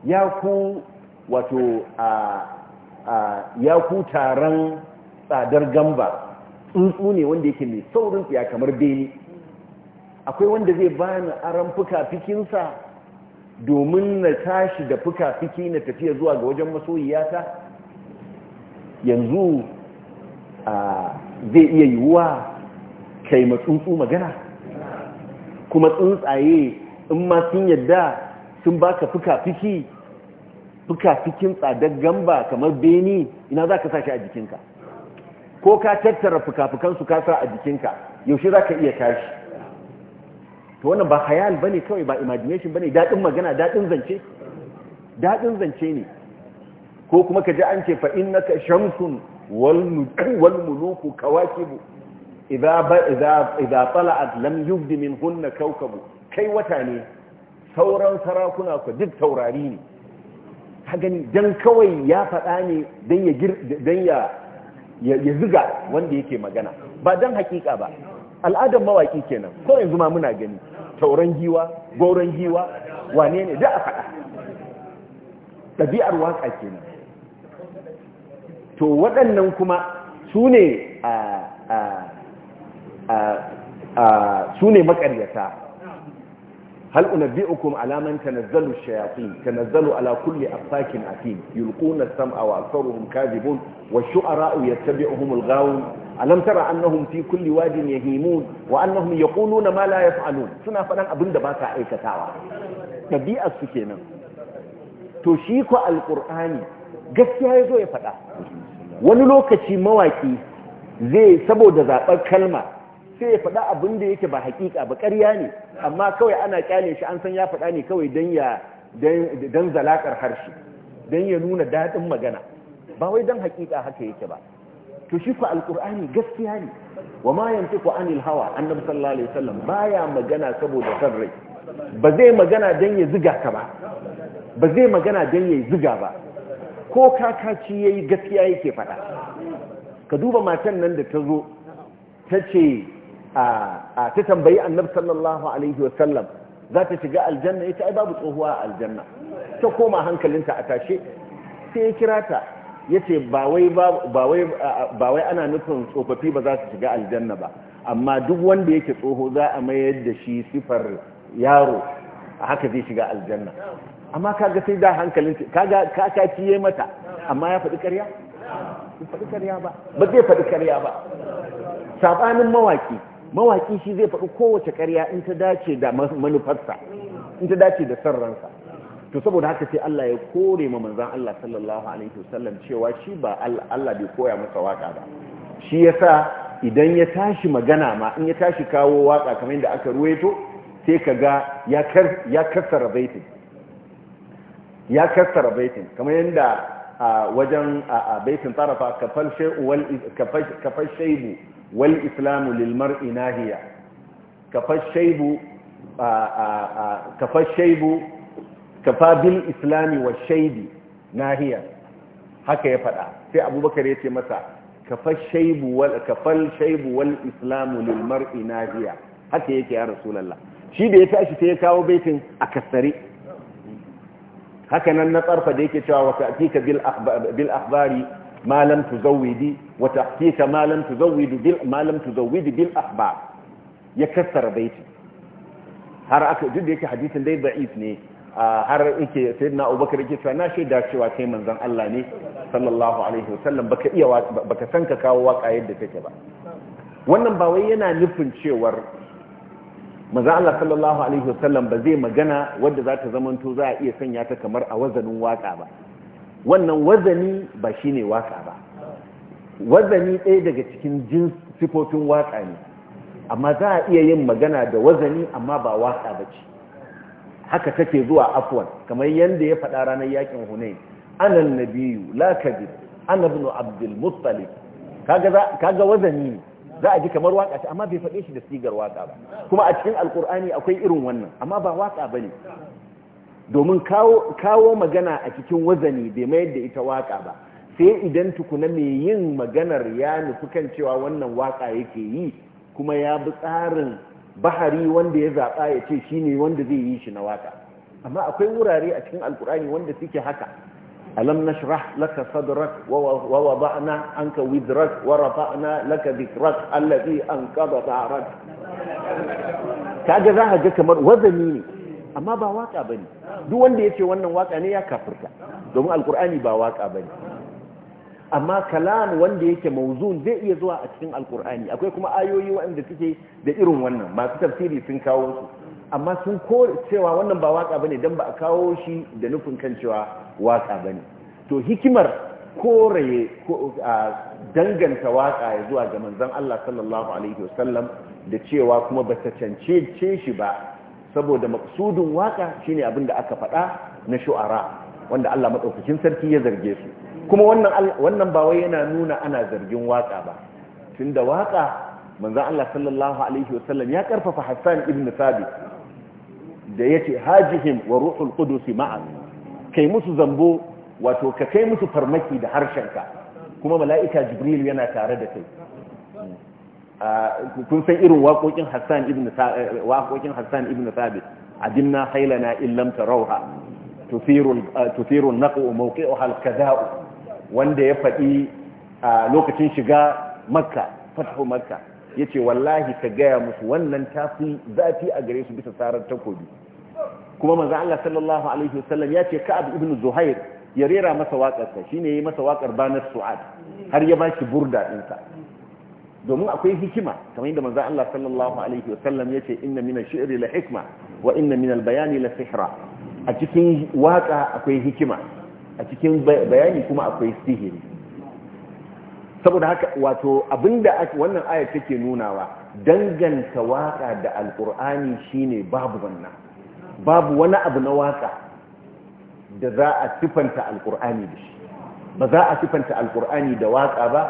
A: ya ku wato a ya ku taron tsadar gamba tsuntsu ne wanda yake mai saurin tsiya kamar beni akwai wanda zai bani aran fuka-fikinsa domin na tashi da fuka-fiki na tafiya zuwa ga wajen masoyiyata yanzu a zai iya yiwuwa kai matsuntsu magana kuma tsuntsaye in ma sun yadda sun baka fuka-fiki fuka-fikin tsadar gamba kamar beni ina za ka sa shi a jikinka ko ka tattara fuka-fikansu ka sa a jikinka yaushe za ka iya tashi Ta wannan ba hayal ba ne kawai ba imagination ba ne daɗin magana daɗin zance daɗin zance ne ko kuma ka ji an ce fa'in na ka shamsun wal muluku kawakibu idza idza tala'at lam yubdi minhunna kawkabu kai wata ne sauran sarakuna ku duk taurari ne ka gani dan kawai ya faɗa ne dan ya dan ya ya ziga wanda yake magana ba dan hakika ba al'adar mawaki kenan ko yanzu ma muna gani tauran giwa goron giwa wane ne da faɗa
C: ɗabi'ar waƙa
A: kenan to waɗannan kuma su ne su ne makaryata hal unabbi'ukum ala man tanazzalu shayatin tanazzalu ala kulli a atim yulquna as-sam'a wa aktharuhum kadhibun wa shuarau yattabi'uhum al-ghawun alam tara Annahun fi kulli wadin yahimun wa annahum yaquluna ma la yaf'alun suna faɗan abinda ba sa aikatawa dabi'ar su kenan to shi ko alƙur'ani gaskiya yazo ya faɗa. wani lokaci mawaki zai saboda zaɓar kalma sai ya faɗa abin da yake ba haƙiƙa ba ƙarya ne amma kawai ana ƙyale shi an san ya faɗa ne kawai don ya don zalaƙar harshe don ya nuna daɗin magana ba wai don haƙiƙa haka yake ba to shi fa alƙur'ani gaskiya ne wa ma yantiqu anil hawa annabi sallallahu alaihi wasallam baya magana saboda san rai ba zai magana don ya ziga ka ba ba zai magana don ya ziga ba ko kakaci ya yi gaskiya yake faɗa ka duba matan nan da ta zo ta ce a ta tambayi annab sallallahu alaihi wasallam za ta shiga aljanna ita ai babu tsohuwa a aljanna ta koma hankalinta a tashe sai ya kira ta ya ce ba wai ana nufin tsofaffi ba za su shiga aljanna ba amma duk wanda yake tsoho za a mayar da shi sifar yaro a haka zai shiga aljanna amma kaga sai da hankalin kaga kakaci yayi mata amma ya faɗi ƙarya ba faɗi ƙarya ba ba zai faɗi ƙarya ba sabanin mawaki mawaki shi zai faɗi kowace ƙarya in ta dace da manufarsa in ta dace da sarransa to saboda haka sai Allah ya kore ma manzon Allah sallallahu alaihi wasallam cewa shi ba Allah bai koya masa waka ba shi yasa idan ya tashi magana ma in ya tashi kawo waka kamar yadda aka ruwaito sai kaga ya kar ya kasara baitin ya kassara baitin kamar yadda a wajen a baitin tarafa kafar shaibu wal islamu lilmar inahiya kafar shaibu kafar bil islami wa shaibi nahiya haka ya faɗa sai abubakar ya ce masa kafar shaibu wal islamu lilmar inahiya haka yake ya rasulallah shi da ya tashi sai ya kawo baitin a kassare haka nan na tsarfa da yake cewa wa ta'tika bil bil akhbari malam lam tuzawidi wa ta'tika ma lam tuzawidi bil ma lam tuzawidi bil akhbar ya kassara baiti har aka duk da yake hadisin dai da'if ne har yake sayyidina Abubakar yake cewa na shaida cewa kai manzon Allah ne sallallahu alaihi wasallam baka iya baka san ka kawo waka yadda take ba wannan ba wai yana nufin cewar Maza Allah sallallahu alaihi wasallam ba zai magana wadda za ta zamanto za a iya sanya ta kamar a wazanin waka ba wannan wazani ba shi ne waka ba wazani ɗaya daga cikin jin sifofin waka ne amma za a iya yin magana da wazani amma ba waka ba ce haka take zuwa afwan kamar yadda ya faɗa ranar yakin hunain anan nabiyu la anabnu ana abdul muttalib kaga wazani ne za a ji kamar waka ce amma bai faɗe shi da sigar waka ba kuma a cikin alkur'ani akwai irin wannan amma ba waka ba ne domin kawo magana a cikin wazani bai mayar da ita waka ba sai idan tukuna mai yin maganar ya nufi kan cewa wannan waka yake yi kuma ya bi tsarin bahari wanda ya zaɓa ya ce shi ne wanda zai yi shi na waka amma akwai wurare a cikin alkur'ani wanda suke haka ألم نشرح لك صدرك ووضعنا عنك وزرك ورفعنا لك ذكرك الذي أنقض ظهرك
C: kaga za a ga
A: kamar wazani ne amma ba waka bane duk wanda yace wannan waka ne ya kafirta domin alkur'ani ba waka bane amma kalam wanda yake mawzun zai iya zuwa a cikin alkur'ani akwai kuma ayoyi waɗanda suke da irin wannan masu tafsiri sun kawo su amma sun kore cewa wannan ba waka bane dan ba a kawo shi da nufin kan cewa waka bane to hikimar koraye danganta waka ya zuwa ga manzon Allah sallallahu alaihi wasallam da cewa kuma ba ta cancance shi ba saboda maksudin waka shine abin da aka faɗa na shu'ara wanda Allah madaukakin sarki ya zarge su kuma wannan wannan ba wai yana nuna ana zargin waka ba tunda waka manzon Allah sallallahu alaihi wasallam ya karfafa Hassan ibn Thabit da ya ce hajihim wa ruhul kudusi ma'a kai musu zambo wato ka kai musu farmaki da harshenka kuma mala'ika jibril yana tare da kai kun san irin waƙoƙin Hassan ibn sabit a ibn haila na hailana illam rauha tufirun tufiru naqu al-kada'u wanda ya faɗi lokacin shiga Makka fatahu Makka yace wallahi ka gaya musu wannan tafi zafi a gare su bisa sarar takobi kuma manzo Allah sallallahu alaihi wasallam ya ce Ka'ab ibn Zuhair ya rera masa waƙar sa shine yayi masa waƙar banar su'ad har ya bashi burda din sa domin akwai hikima kamar yadda manzo Allah sallallahu alaihi wasallam ya ce inna min ash-shi'ri la hikma wa inna min al-bayani la sihra a cikin waƙa akwai hikima a cikin bayani kuma akwai sihiri saboda haka wato abinda wannan ayar take nunawa danganta waka da alqur'ani shine babu wannan babu wani abu na waka da za a sifanta alkur'ani da shi ba za a sifanta alkur'ani da waka ba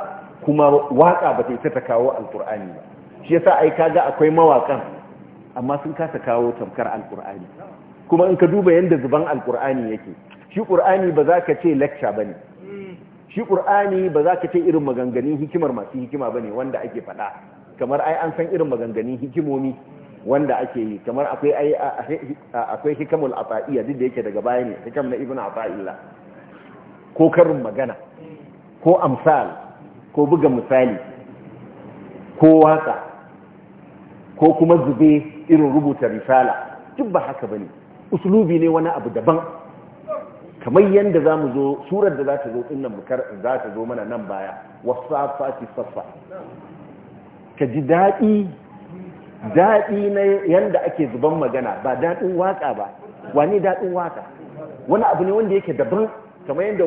A: kuma waka ba ta isa ta kawo alkur'ani ba shi yasa ai kaga akwai mawakan amma sun kasa kawo tamkar alkur'ani kuma in ka duba yanda zuban alkur'ani yake shi qur'ani ba za ka ce lecture bane shi qur'ani ba za ka ce irin maganganun hikimar masu hikima bane wanda ake faɗa kamar ai an san irin maganganun hikimomi wanda ake yi kamar akwai akwai hikamul ata'iyya duk da yake daga baya ne hikam na ibnu ata'illah ko karin magana ko amsal ko buga misali ko waka ko kuma zube irin rubuta risala duk ba haka bane uslubi ne wani abu daban kamar yanda zamu zo surar da za ta zo dinnan za ta zo mana nan baya wasafati safa ka ji daɗi daɗi na yanda ake zuban magana ba daɗin waka ba wani daɗin waka wani abu ne wanda yake daban kamar yadda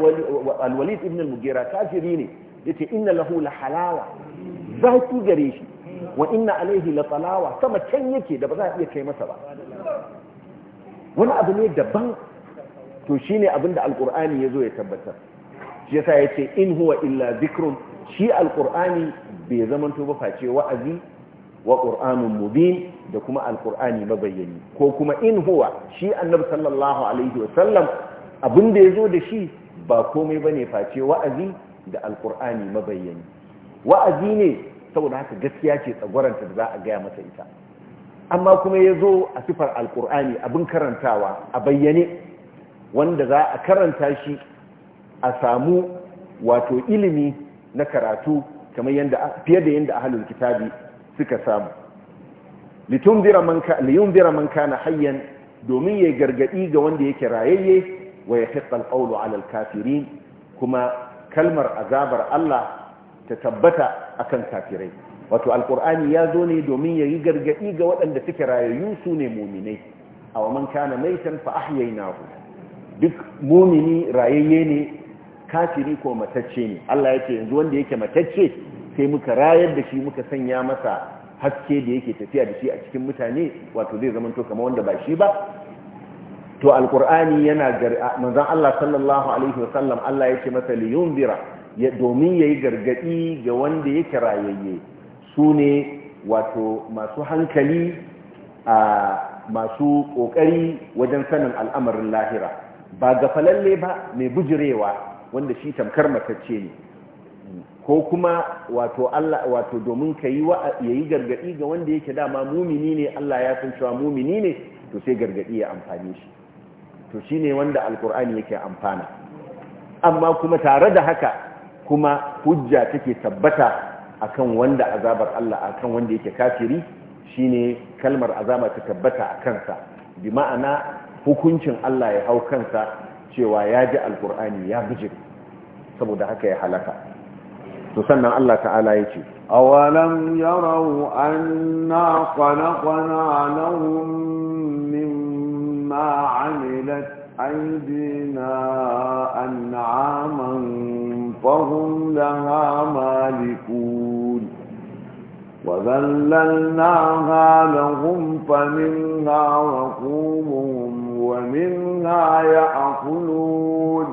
A: alwalid ibn al-mugira kafiri ne yace inna lahu la halawa zaki gare shi wa inna alaihi la talawa sama can yake da ba za a iya kai masa ba wani abu ne daban to shine abinda alqur'ani yazo ya tabbatar shi yasa yace in huwa illa dhikrun shi alqur'ani bai zamanto ba face wa'azi wa qur'anun mubin da kuma alqur'ani mabayyani ko kuma in huwa shi annabi sallallahu alaihi wasallam abin da yazo da shi ba komai ba ne face wa'azi da alqur'ani mabayyani wa'azi ne saboda haka gaskiya ce tsagwaranta da za a gaya masa ita amma kuma yazo a sifar alqur'ani abin karantawa a bayyane wanda za a karanta shi a samu wato ilimi na karatu kamar yadda fiye da yadda ahalul kitabi suka samu liyundira man kana hayyan domin ya gargadi ga wanda yake rayayye wa ya hiqqal qawlu ala kafirin kuma kalmar azabar Allah ta tabbata akan kafirai wato Alkur'ani ya zo ne domin yayi gargadi ga waɗanda suke rayayyu su ne mu'minai aw man kana maitan fa ahyaynahu duk mu'mini rayayye ne kafiri ko matacce ne Allah yake yanzu wanda yake matacce sai muka rayar da shi muka sanya masa haske da yake tafiya da shi a cikin mutane wato zai zama to kamar wanda ba shi ba to alqur'ani yana manzon Allah sallallahu alaihi wasallam Allah ya ce masa liyunzira ya domin yayi gargadi ga wanda yake rayayye sune wato masu hankali a masu kokari wajen sanin al'amarin lahira ba ga falalle ba mai bujirewa wanda shi tamkar matacce ne ko kuma wato Allah wato domin ka yi wa yayi gargadi ga wanda yake dama mumini ne Allah ya san cewa mumini ne to sai gargadi ya amfane shi to shine wanda alkur'ani yake amfana amma kuma tare da haka kuma hujja take tabbata akan wanda azabar Allah akan wanda yake kafiri shine kalmar azama ta tabbata a kansa bi ma'ana hukuncin Allah ya hau kansa cewa ya ji alkur'ani ya bijir saboda haka ya halaka to sannan Allah ta'ala ya ce
B: awalam yarau anna khalaqna lahum mimma amilat aydina an'aman fahum laha malikun وذللناها لهم فمنها ركوبهم ومنها يأكلون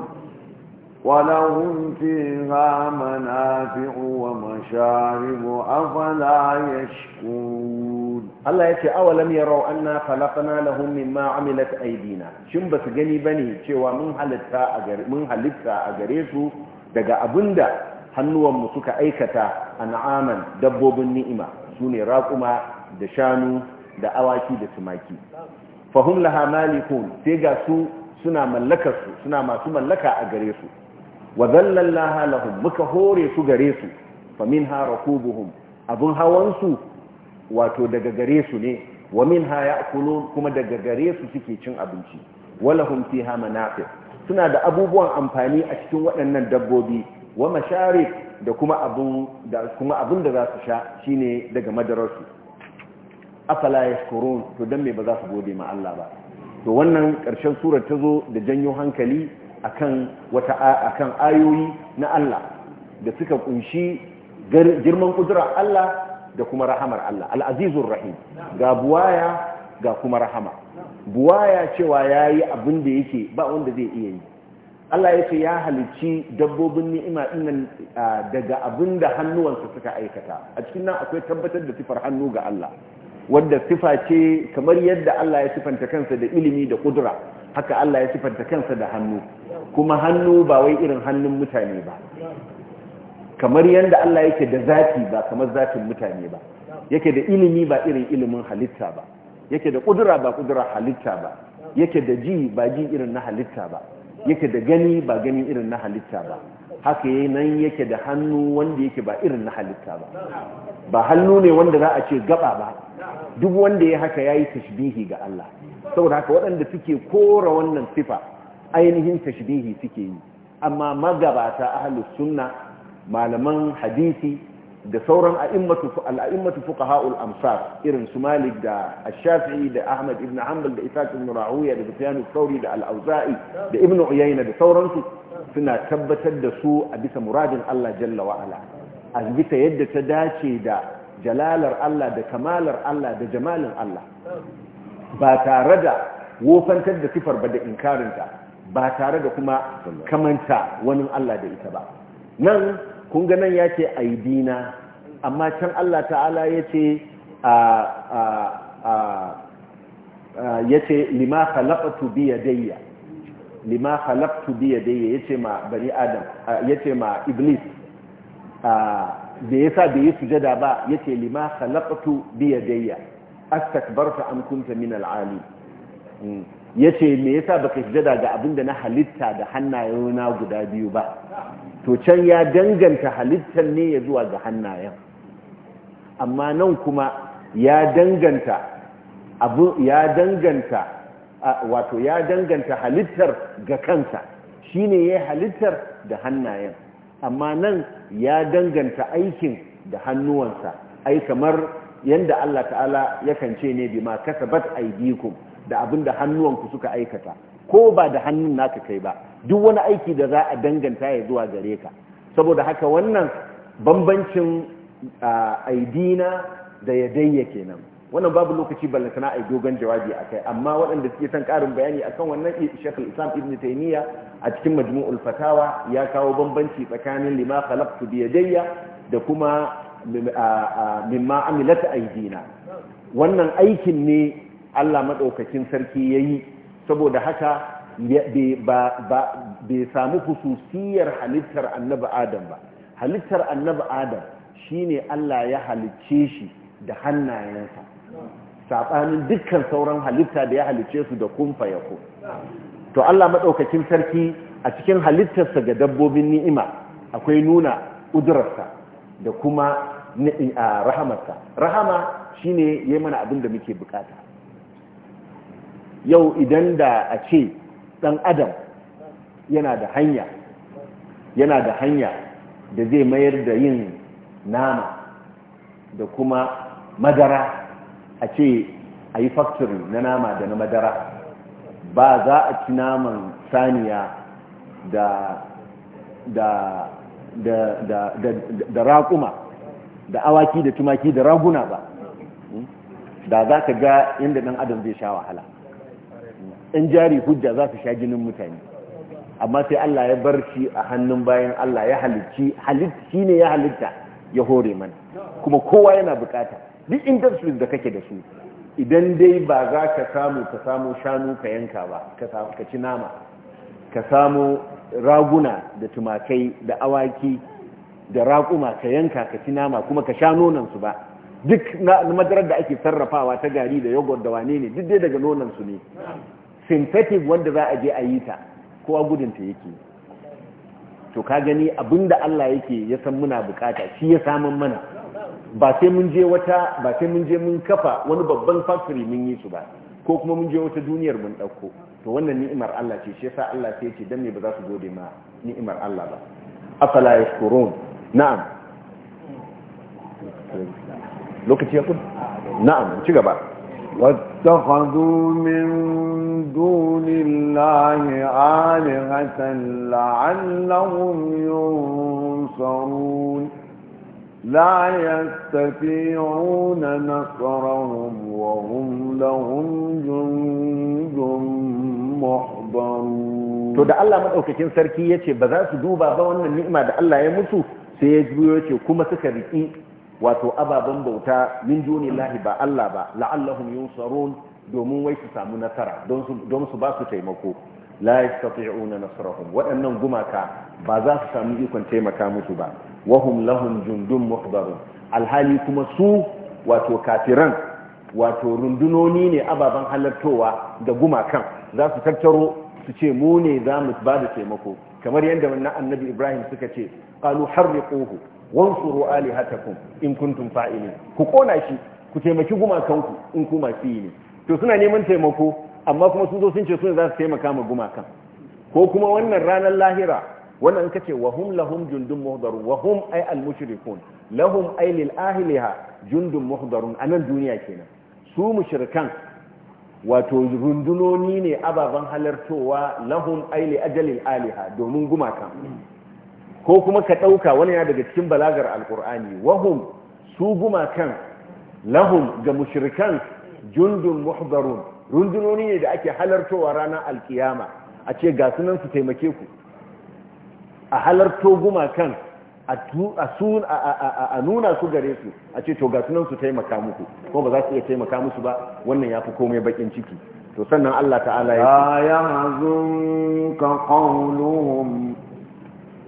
B: ولهم فيها
A: منافع ومشارب أفلا يشكون الله يتي أولم يروا أنا خلقنا لهم مما عملت أيدينا شن بس جني بني شوى من هلتا أجر من هلتا أجريسو دقا أبندا هنوا مسوك أيكتا أنعاما دبوا بالنئمة سوني راقما دشانو da awaki da tumaki fahum laha malikun sai ga su suna mallakarsu suna masu mallaka a gare su wa zallallaha lahum muka hore su gare su fa minha rakubuhum abun hawan su wato daga gare su ne wa minha ya'kulun kuma daga gare su suke cin abinci walahum fiha manafi suna da abubuwan amfani a cikin waɗannan dabbobi wa masharib da kuma abun da kuma abun da za su sha shine daga madararsu afala yashkurun to dan me ba za su gode ma Allah ba to wannan karshen surar ta zo da janyo hankali akan wata ayoyi na Allah da suka kunshi girman kudura Allah da kuma rahamar Allah al'azizun rahim ga buwaya ga kuma rahama buwaya cewa ya yi abin da yake ba wanda zai iya yi Allah ya ce ya halicci dabbobin ni'ima ɗinnan daga abinda da hannuwansa suka aikata a cikin nan akwai tabbatar da sifar hannu ga Allah wadda sifa ce kamar yadda Allah ya sifanta kansa da ilimi da kudura haka Allah ya sifanta kansa da hannu kuma hannu ba wai irin hannun mutane ba kamar yadda Allah yake da zafi ba kamar zafin mutane ba yake da ilimi ba irin ilimin halitta ba yake da kudura ba kudura halitta ba yake da ji ba ji irin na halitta ba yake da gani ba gani irin na halitta ba haka yi nan yake da hannu wanda yake ba irin na halitta ba ba hannu ne wanda za a ce gaba ba duk wanda ya haka ya yi tashbihi ga Allah saboda haka waɗanda suke kora wannan sifa ainihin tashbihi suke yi amma magabata ahlus sunna malaman hadisi da sauran a'immatu al'a'immatu fuqaha'ul amsar irin su Malik da Ash-Shafi'i da Ahmad ibn Hanbal da Ishaq ibn Rahuya da Sufyan al-Thawri da Al-Auza'i da Ibn Uyayna da sauransu suna tabbatar da su a bisa muradin Allah jalla wa ala a bisa yadda ta dace da jalalar Allah da kamalar Allah da jamalin Allah ba tare da wofantar da sifar ba da inkarinta ba tare da kuma kamanta wani Allah da ita ba nan kun ga nan yake aidina amma can Allah ta'ala yace a a a yace lima khalaqtu bi yadayya lima khalaqtu bi yadayya yace ma bani adam yace ma iblis da yasa da yi sujada ba yace lima khalaqtu bi yadayya astakbarta am kunta min al-alim hmm. ya ce me yasa baka sujada ga abin da na halitta da hannayena guda biyu ba to can ya danganta halittar ne ya zuwa ga hannayen amma nan kuma ya danganta abu ya danganta wato ya danganta halittar ga kansa shine ya halittar da hannayen amma nan ya danganta aikin da hannuwansa ai kamar yanda Allah ta'ala yakan ce ne bima kasabat aidikum da abin da hannuwanku suka aikata ko ba da hannun naka kai ba duk wani aiki da za a danganta ya zuwa gare ka saboda haka wannan bambancin aidina da yadayya kenan wannan babu lokaci ballantana a dogon jawabi a kai amma waɗanda suke son ƙarin bayani akan wannan shekul islam ibn taimiyya a cikin majmu'ul fatawa ya kawo bambanci tsakanin lima khalaqtu bi yadayya da kuma mimma amilat aidina wannan aikin ne Allah maɗaukakin sarki ya yi saboda haka bai samu hususiyar halittar annabi adam ba halittar annabi adam shine Allah ya halicce shi da hannayensa saɓanin dukkan sauran halitta da ya halicce su da kumfa ya ku to Allah maɗaukakin sarki a cikin halittarsa ga dabbobin ni'ima akwai nuna ƙudurarsa da kuma rahamarsa rahama shine ya yi mana abin da muke bukata yau idan da a ce ɗan adam yana da hanya yana da hanya da zai mayar da yin nama da kuma madara a ce a yi factory na nama da na madara ba za a ci naman saniya da da da da da da raƙuma da awaki da tumaki da raguna ba hmm? da za ka ga inda ɗan adam zai sha wahala in jari hujja za su sha jinin mutane amma sai Allah ya bar shi a hannun bayan Allah ya halicci halitta ne ya halitta ya hore mana kuma kowa yana bukata duk industries da kake da su idan dai ba za ka samu ka samu shanu ka yanka ba ka ci nama ka samu raguna da tumakai da awaki da raƙuma ka yanka ka ci nama kuma ka sha nonansu ba duk na madarar da ake sarrafawa ta gari da yogurt da wane ne duk dai daga nonansu ne synthetic wanda za a je a yi ta kowa gudunta yake to ka gani abinda Allah yake ya san muna bukata shi ya samun mana ba sai mun je wata ba sai mun je mun kafa wani babban factory mun yi su ba ko kuma mun je wata duniyar mun dauko to wannan ni'imar Allah ce shi yasa Allah sai yake dan me ba za su gode ma ni'imar Allah ba afala yashkurun na'am lokaci ya kun na'am ci gaba
B: واتخذوا من دون الله آلهة لعلهم ينصرون لا يستطيعون نصرهم وهم لهم جند محضرون
A: to da Allah madaukakin sarki yace ba za su duba ba wannan ni'ima da Allah ya mutu? sai ya juyo kuma suka riki wato ababen bauta min lahi ba Allah ba la'allahum yunsarun domin wai su samu nasara don su ba su taimako la yastati'una nasrahum waɗannan gumaka ba za su samu ikon taimaka musu ba wahum lahum jundun muhdarun alhali kuma su wato kafiran wato rundunoni ne ababen halartowa da gumakan za su tattaro su ce mu ne za mu ba da taimako kamar yadda wannan annabi ibrahim suka ce qalu harriquhu wansuru alihatakum in kuntum fa'ilin ku kona shi ku taimaki gumakanku in ku in kuma to suna neman taimako amma kuma sun zo sun ce suna za su taimaka ma gumakan ko kuma wannan ranar lahira wannan kace ce wahum lahum jundun muhdarun wahum ay al mushrikun lahum ay lil ahliha jundun muhdarun anan duniya kenan su mushrikan wato rundunoni ne ababen halartowa lahum ay li ajalil aliha domin gumakan ko kuma ka ɗauka wani ya daga cikin balagar alkur'ani wahum su kan lahum ga mushirkan jundun muhbarun rundunoni ne da ake halartowa ranar alkiyama a ce ga sunan su taimake ku a halarto gumakan a nuna su gare su a ce to ga sunan su taimaka muku ko ba za su iya taimaka musu ba wannan ya fi komai bakin ciki to sannan Allah ta'ala ya
B: ce ya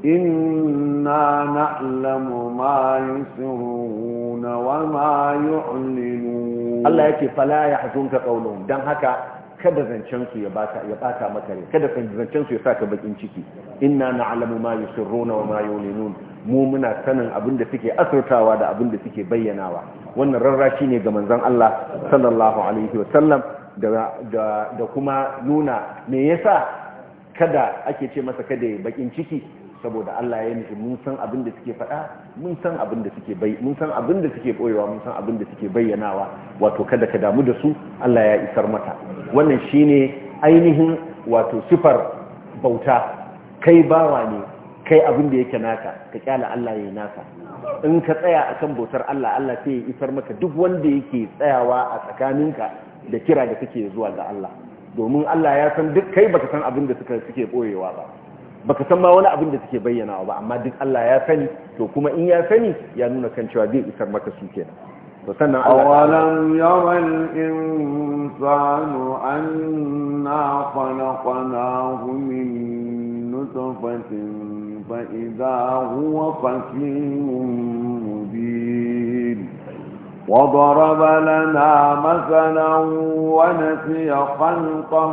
B: إنا
A: نعلم ما يسرون وما يعلنون الله يكي فلا يحزنك قولهم دان هكا kada zancensu ya bata maka rai kada zancensu ya saka bakin ciki inna na'lamu ma yusirruna wa ma yulinun mu muna sanin abin da suke asirtawa da abin da suke bayyanawa wannan rarrashi ne ga manzon Allah sallallahu alaihi wa sallam da kuma nuna me yasa kada ake ce masa kada ya bakin ciki saboda Allah ya nufi mun san abin da suke faɗa mun san abin da suke bai mun san abin da suke boyewa mun san abin da suke bayyanawa wato kada ka damu da su Allah ya isar mata wannan shine ainihin wato sifar bauta kai bawa ne kai abin da yake naka ka kyala Allah ya naka in ka tsaya akan bautar Allah Allah sai ya isar maka duk wanda yake tsayawa a tsakaninka da kira da kake zuwa ga Allah domin Allah ya san duk kai baka san abin da suka suke boyewa ba baka san ma wani abin da take bayyanawa ba amma duk Allah ya sani to kuma in ya sani ya nuna kan cewa zai isar maka su kenan to sannan awalan
B: yawal insanu anna khalaqnahu min nutfatin fa idha huwa khasimun mubin وضرب لنا مثلا ونسي خلقه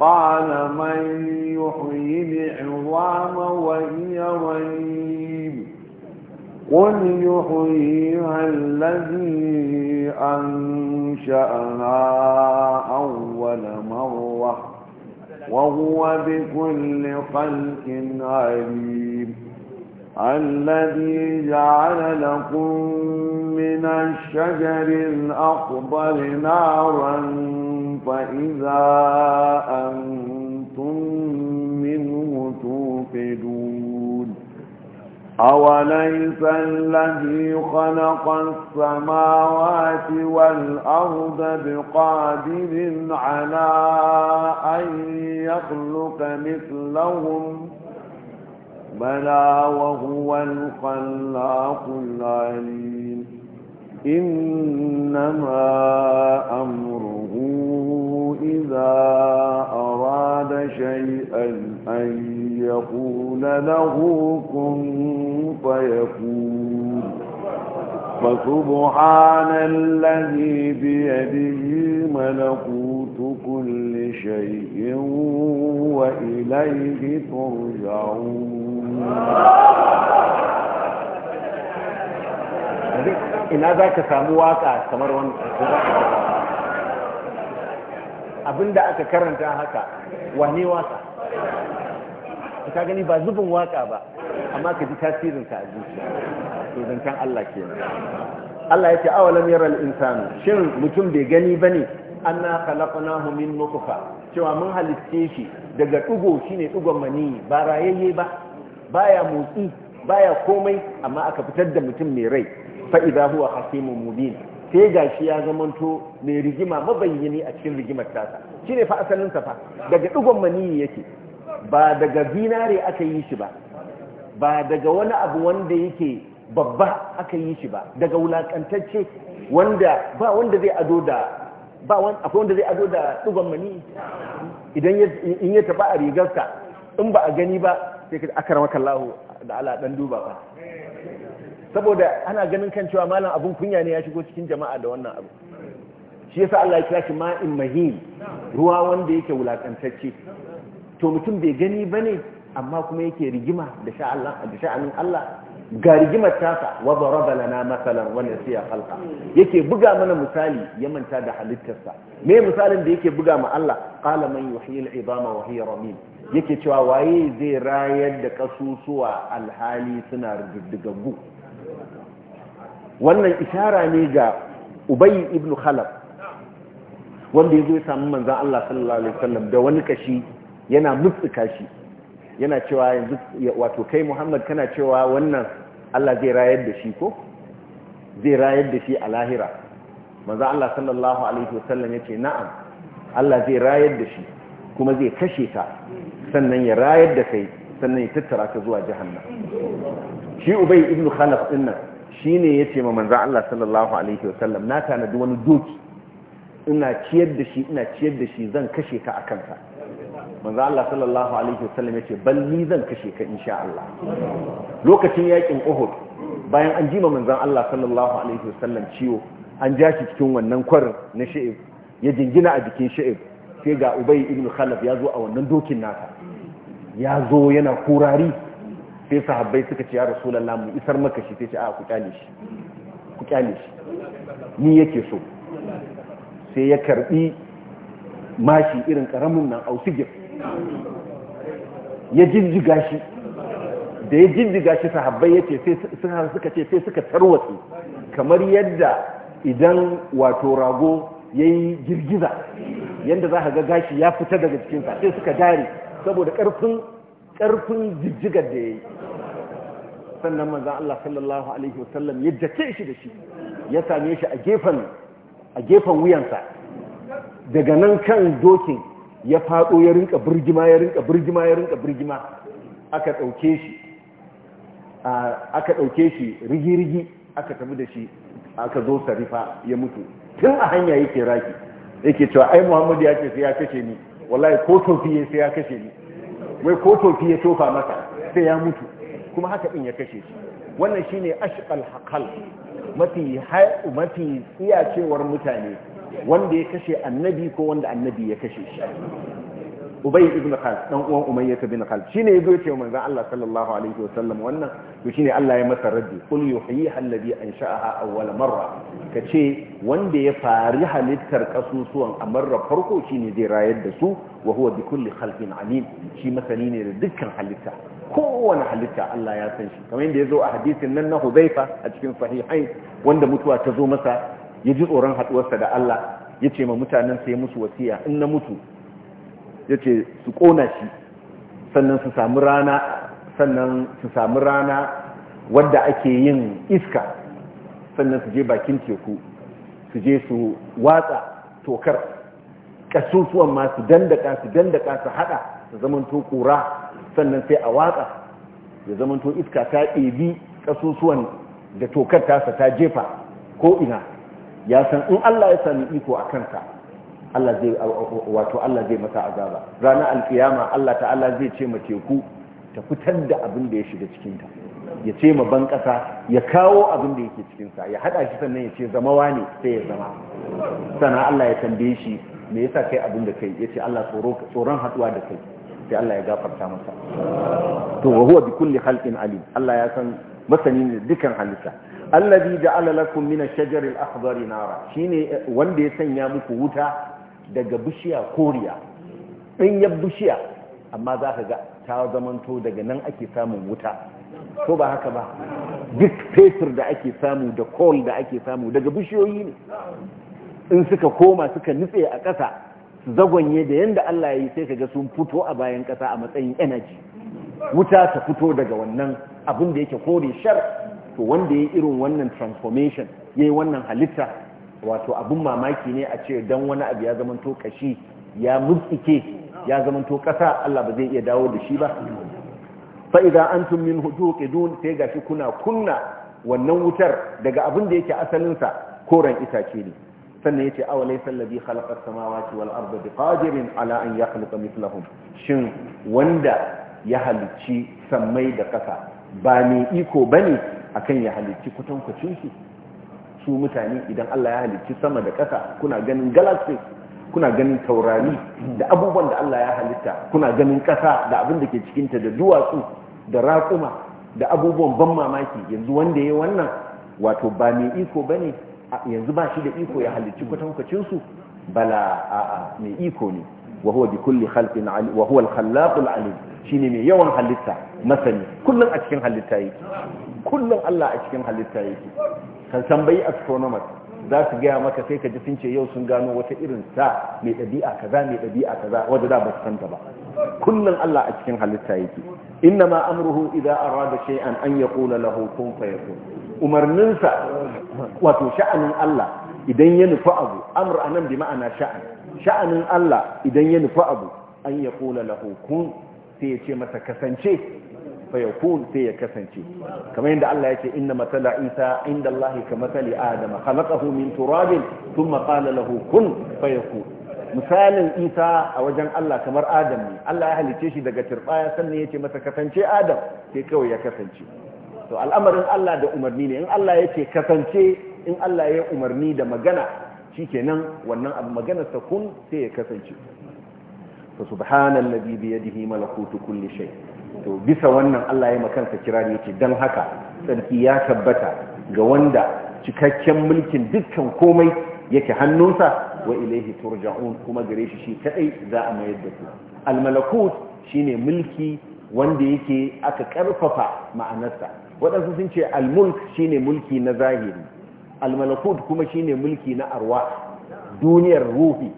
B: قال من يحيي العظام وهي رهيب قل يحييها الذي أنشأها أول مرة وهو بكل خلق عليم الذي جعل لكم من الشجر الأخضر نارا فإذا أنتم منه توقدون أوليس الذي خلق السماوات والأرض بقادر على أن يخلق مثلهم بلى وهو الخلاق العليم إنما أمره إذا أراد شيئا أن يقول له كن فيكون فسبحان الذي بيده ملكوت كل شيء وإليه ترجعون
C: ina
A: za ka samu waka kamar wani abinda aka karanta haka wane waka ka gani ba zubin waka ba amma ka ji tasirinka a zuciya to can Allah ke Allah ya ce awalam yara insanu shin mutum bai gani ba ne an na kalafanahu min nukufa cewa mun halitte shi daga ɗugo shine ɗugon mani ba rayayye ba baya motsi baya komai amma aka fitar da mutum mai rai fa idza huwa hasimun mubin sai gashi ya zamanto mai rigima mabayyani a cikin rigimar tasa shine fa asalin sa fa daga digon maniyi yake ba daga zinare aka yi shi ba ba daga wani abu wanda yake babba aka yi shi ba daga wulakantacce wanda ba wanda zai ado da ba akwai wanda zai ado da digon maniyi idan in ya taba a rigarsa in ba a gani ba sai ka ramaka Allah da ala dan duba fa saboda ana ganin kan cewa malam abun kunya ne ya shigo cikin jama'a da wannan abu shi yasa Allah ya kira shi ma'in mahin ruwa wanda yake wulakantacce to mutum bai gani bane amma kuma yake rigima da sha'anin Allah ga rigimar tasa wa daraba lana masalan wa nasiya khalqa yake buga mana misali ya manta da halittarsa me misalin da yake buga ma Allah qala man yuhyil al-idama wa hiya ramim yake cewa waye zai rayar da kasusuwa alhali suna rududdugagu wannan ishara ne ga ubayi ibn khalaf wanda ya zo ya samu manzan Allah sallallahu alaihi wasallam da wani kashi yana mutsuka shi yana cewa yanzu wato kai Muhammad kana cewa wannan Allah zai rayar da shi ko zai rayar da shi a lahira manzan Allah sallallahu alaihi wasallam ya ce na'am Allah zai rayar da shi kuma zai kashe ta sannan ya rayar da kai sannan ya tattara ka zuwa jahannam shi ubay ibn khalaf din shine yace ma manzo Allah sallallahu alaihi wasallam na tanadi wani doki ina ciyar da shi ina ciyar da shi zan kashe ka akan sa manzo Allah sallallahu alaihi wasallam yace bal ni zan kashe ka insha Allah lokacin yakin Uhud bayan an jima manzo Allah sallallahu alaihi wasallam ciwo an ja shi cikin wannan kwarin na sha'ib ya jingina a jikin sha'ib. sai ga ubai ibn khalaf ya zo a wannan dokin nata ya zo yana kurari sai sahabbai suka ce ya rasulullah mu isar maka shi sai ce a ku kyale shi ku kyale shi ni yake so sai ya karbi mashi irin karamin nan ausigir ya jinjiga shi da ya jinjiga shi sahabbai yace sai suka ce sai suka tarwatsi kamar yadda idan wato rago ya yi girgiza yadda za ka ga gashi ya fita daga cikinsa sai suka dare saboda ƙarfin jijjigar da ya yi sannan manzan Allah sallallahu Alaihi wasallam ya jace shi da shi ya same shi a gefen wuyansa daga nan kan dokin ya faɗo ya rinka birgima ya rinka birgima ya rinka birgima aka ɗauke shi aka ɗauke shi rigi-rigi aka tafi da shi aka zo sarifa ya mutu tun a hanya yake raki yake cewa ai muhammadu ya ce sai ya kashe ni wallahi ko ya sai ya kashe ni wai ko ya tofa masa sai ya mutu kuma haka din ya kashe shi wannan shine ashqal haqal mafi mafi iyacewar mutane wanda ya kashe annabi ko wanda annabi ya kashe shi ubay ibn khalf dan uwan umayyah bin khalf shine yazo ya ce wa manzon Allah sallallahu alaihi wannan to shine Allah ya masa raddi qul yuhyiha alladhi ansha'aha awwal marra kace wanda ya fari halittar kasusuwan a marra farko shine zai rayar da su wa huwa bi kulli khalqin alim shi masani ne da dukkan halitta kowane halitta Allah ya san shi kamar yadda yazo a hadisin nan na Hudhaifa a cikin sahihain wanda mutuwa ta zo masa ya ji tsoron haduwarsa da Allah ya ce ma mutanen sai musu wasiya in na mutu ya ce su ƙona shi sannan su sami rana sannan su sami rana wadda ake yin iska sannan su je bakin teku su je su watsa tokar ƙasusuwan masu dandaka su dandaka su haɗa su zamanto ƙura sannan sai a watsa ya zamanto iska ta ɗebi ƙasusuwan da tokar tasa ta jefa ko ina ya san in Allah ya sami iko a kansa Allah zai wato Allah zai masa azaba ranar alkiyama Allah ta'ala zai ce ma teku ta fitar da abin da ya shiga cikin ya ce ma ban kasa ya kawo abin da yake cikin sa ya hada shi sannan ya ce zama wani sai ya zama sannan Allah ya tambaye shi me yasa kai abin da kai yace Allah tsoro tsoron haduwa da kai sai Allah ya gafarta masa to wa huwa bi kulli khalqin alim Allah ya san masani ne dukan halitta allazi ja'ala lakum min ash-shajari al-akhdari nara shine wanda ya sanya muku wuta daga bishiya koriya ɗanyar bishiya amma za ka ga ta zamanto daga nan ake samun wuta ko ba haka ba duk fetur da ake samu da kol da ake samu daga bishiyoyi ne in suka koma suka nutse a ƙasa su zagonye da yadda Allah ya yi sai ka ga sun fito a bayan ƙasa a matsayin energy wuta ta fito daga wannan abin da yake kore shar to wanda ya irin wannan transformation ya yi wannan halitta wato abin mamaki ne a ce don wani abu ya to kashi ya mutsike ya zamanto ƙasa Allah ba zai iya dawo da shi ba fa an antum min hujuqidun sai gashi kuna kunna wannan wutar daga abin da yake asalinsa koren itace ne sannan yace aw laysa alladhi khalaqa samawa, samawati wal arda biqadirin ala an yakhluqa mithlahum shin wanda ya halicci sammai da ƙasa ba ne iko bane akan ya halicci kutankucin shi su mutane idan Allah ya halicci sama da ƙasa kuna ganin galaxy kuna ganin taurari da abubuwan da Allah ya halitta kuna ganin ƙasa da abin da ke cikinta da duwatsu da raƙuma da abubuwan ban mamaki yanzu wanda ya wannan wato ba mai iko ba ne yanzu ba shi da iko ya halicci kwatankwacinsu bala a'a mai iko ne wahuwa kulli khalqin alim wa huwa al shine mai yawan halitta masani kullun a cikin halitta yake kullun Allah a cikin halitta yake kan tambayi astronomers za su gaya maka sai ka ji sun ce yau sun gano wata irin sa mai ɗabi'a kaza mai ɗabi'a kaza wanda da ba su santa ba kullum Allah a cikin halitta yake inna ma amruhu idza arada shay'an an yaqula lahu kun fayakun umarninsa wato sha'anin Allah idan ya nufi abu amr anan bi ma'ana sha'an sha'anin Allah idan ya nufi abu an yaqula lahu kun sai ya ce masa kasance fayakun sai ya kasance kamar yadda Allah ya ce inna matala isa inda Allah ka matali adama khalaqahu min turabin thumma qala lahu kun fayakun misalin isa a wajen Allah kamar adam ne Allah ya halice shi daga turbaya sannan ya ce masa kasance adam sai kawai ya kasance to al'amarin Allah da umarni ne in Allah ya ce kasance in Allah ya umarni da magana shikenan wannan abu maganar sa kun sai ya kasance fa subhanallazi bi yadihi malakutu kulli to bisa wannan Allah ya makansa kirari yake dan haka sarki ya tabbata ga wanda cikakken mulkin dukkan komai yake hannunsa wa ilaihi turja'un kuma gare shi shi kadai za a mayar da su al malakut shine mulki wanda yake aka karfafa ma'anarsa waɗansu sun ce al mulk shine mulki na zahiri al malakut kuma shine mulki na arwa duniyar ruhi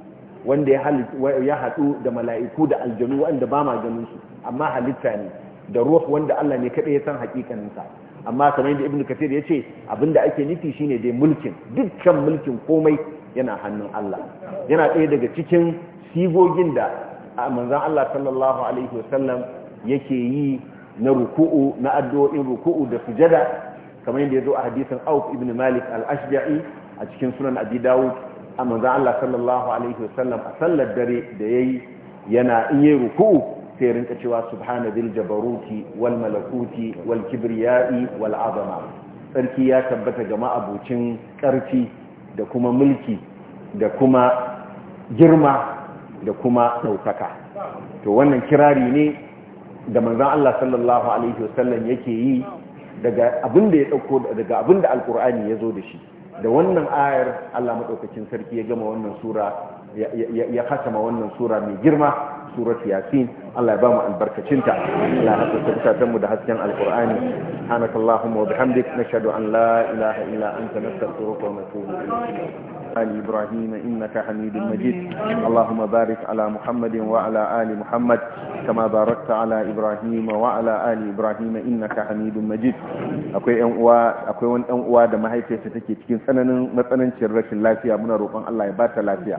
A: wanda ya haɗu da mala'iku da aljanu wanda ba ma ganin su amma halitta ne da ruwa wanda Allah ne kaɗai ya san hakikaninsa amma kamar yadda ibnu kathir ya ce abinda ake nufi shine dai mulkin dukkan mulkin komai yana hannun Allah yana ɗaya daga cikin sigogin da manzon Allah sallallahu alaihi wasallam yake yi na ruku'u na addu'o'in ruku'u da sujada kamar yadda ya zo a hadisin Auf ibn Malik al-Ashja'i a cikin sunan Abi Dawud a manzon Allah sallallahu alaihi wasallam a sallar dare da yayi yana in yi ruku'u sai rinka cewa subhana bil jabaruti wal malakuti wal kibriyai wal azama sarki ya tabbata ga ma'abucin karfi da kuma mulki da kuma girma da kuma daukaka to wannan kirari ne da manzon Allah sallallahu alaihi wasallam yake yi daga abin da ya dauko daga abin da alqur'ani ya zo da shi da wannan ayar Allah madaukakin sarki ya gama wannan sura ya khatama wannan sura mai girma surat yasin Allah ya ba mu albarkacinta Allah ya haskaka ta mu da hasken alqur'ani subhanakallahumma wa bihamdik nashhadu an la ilaha illa anta nastaghfiruka wa natubu ilayk آل إبراهيم إنك حميد مجيد اللهم بارك على محمد وعلى آل محمد كما باركت على إبراهيم وعلى آل إبراهيم إنك حميد مجيد akwai yan uwa akwai wani yan uwa da mahaifiyarsa take cikin tsananin matsananciyar rashin lafiya muna roƙon Allah ya ba lafiya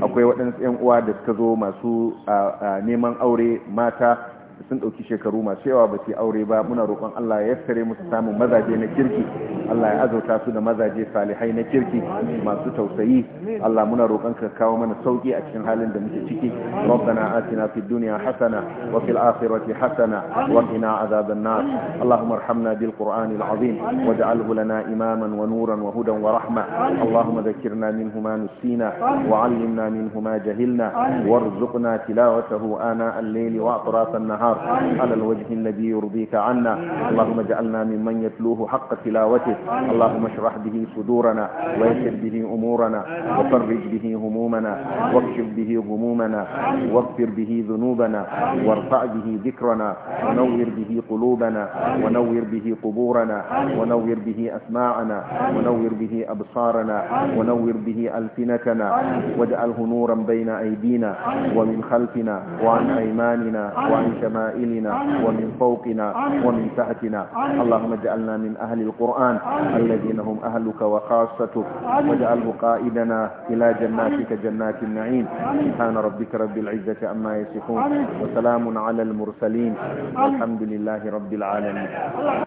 A: akwai waɗansu yan uwa da suka zo masu neman aure mata sun ɗauki shekaru masu yawa ba su aure ba muna roƙon Allah ya yassare musu samun mazaje na kirki Allah ya azauta su da mazaje salihai na kirki masu tausayi Allah muna roƙon kakawo mana sauki a cikin halin da muke ciki rabbana atina fid dunya hasana wa fil akhirati hasana wa qina azaban nar allahumma arhamna bil qur'anil azim waj'alhu lana imaman wa nuran wa hudan wa rahma allahumma dhakkirna minhu ma nusina wa 'allimna minhu ma jahilna warzuqna tilawatahu ana al-layli wa atrafan nahar النهار على الوجه الذي يرضيك عنا اللهم اجعلنا ممن يتلوه حق تلاوته اللهم اشرح به صدورنا ويسر به أمورنا وفرج به همومنا واكشف به غمومنا واغفر به ذنوبنا وارفع به ذكرنا ونور به قلوبنا ونور به قبورنا ونور به أسماعنا ونور به أبصارنا ونور به ألسنتنا واجعله نورا بين أيدينا ومن خلفنا وعن أيماننا وعن شمالنا شمائلنا ومن فوقنا ومن تحتنا اللهم اجعلنا من أهل القرآن الذين هم أهلك وخاصتك واجعله قائدنا إلى جناتك جنات النعيم سبحان ربك رب العزة عما يصفون وسلام على المرسلين الحمد لله رب العالمين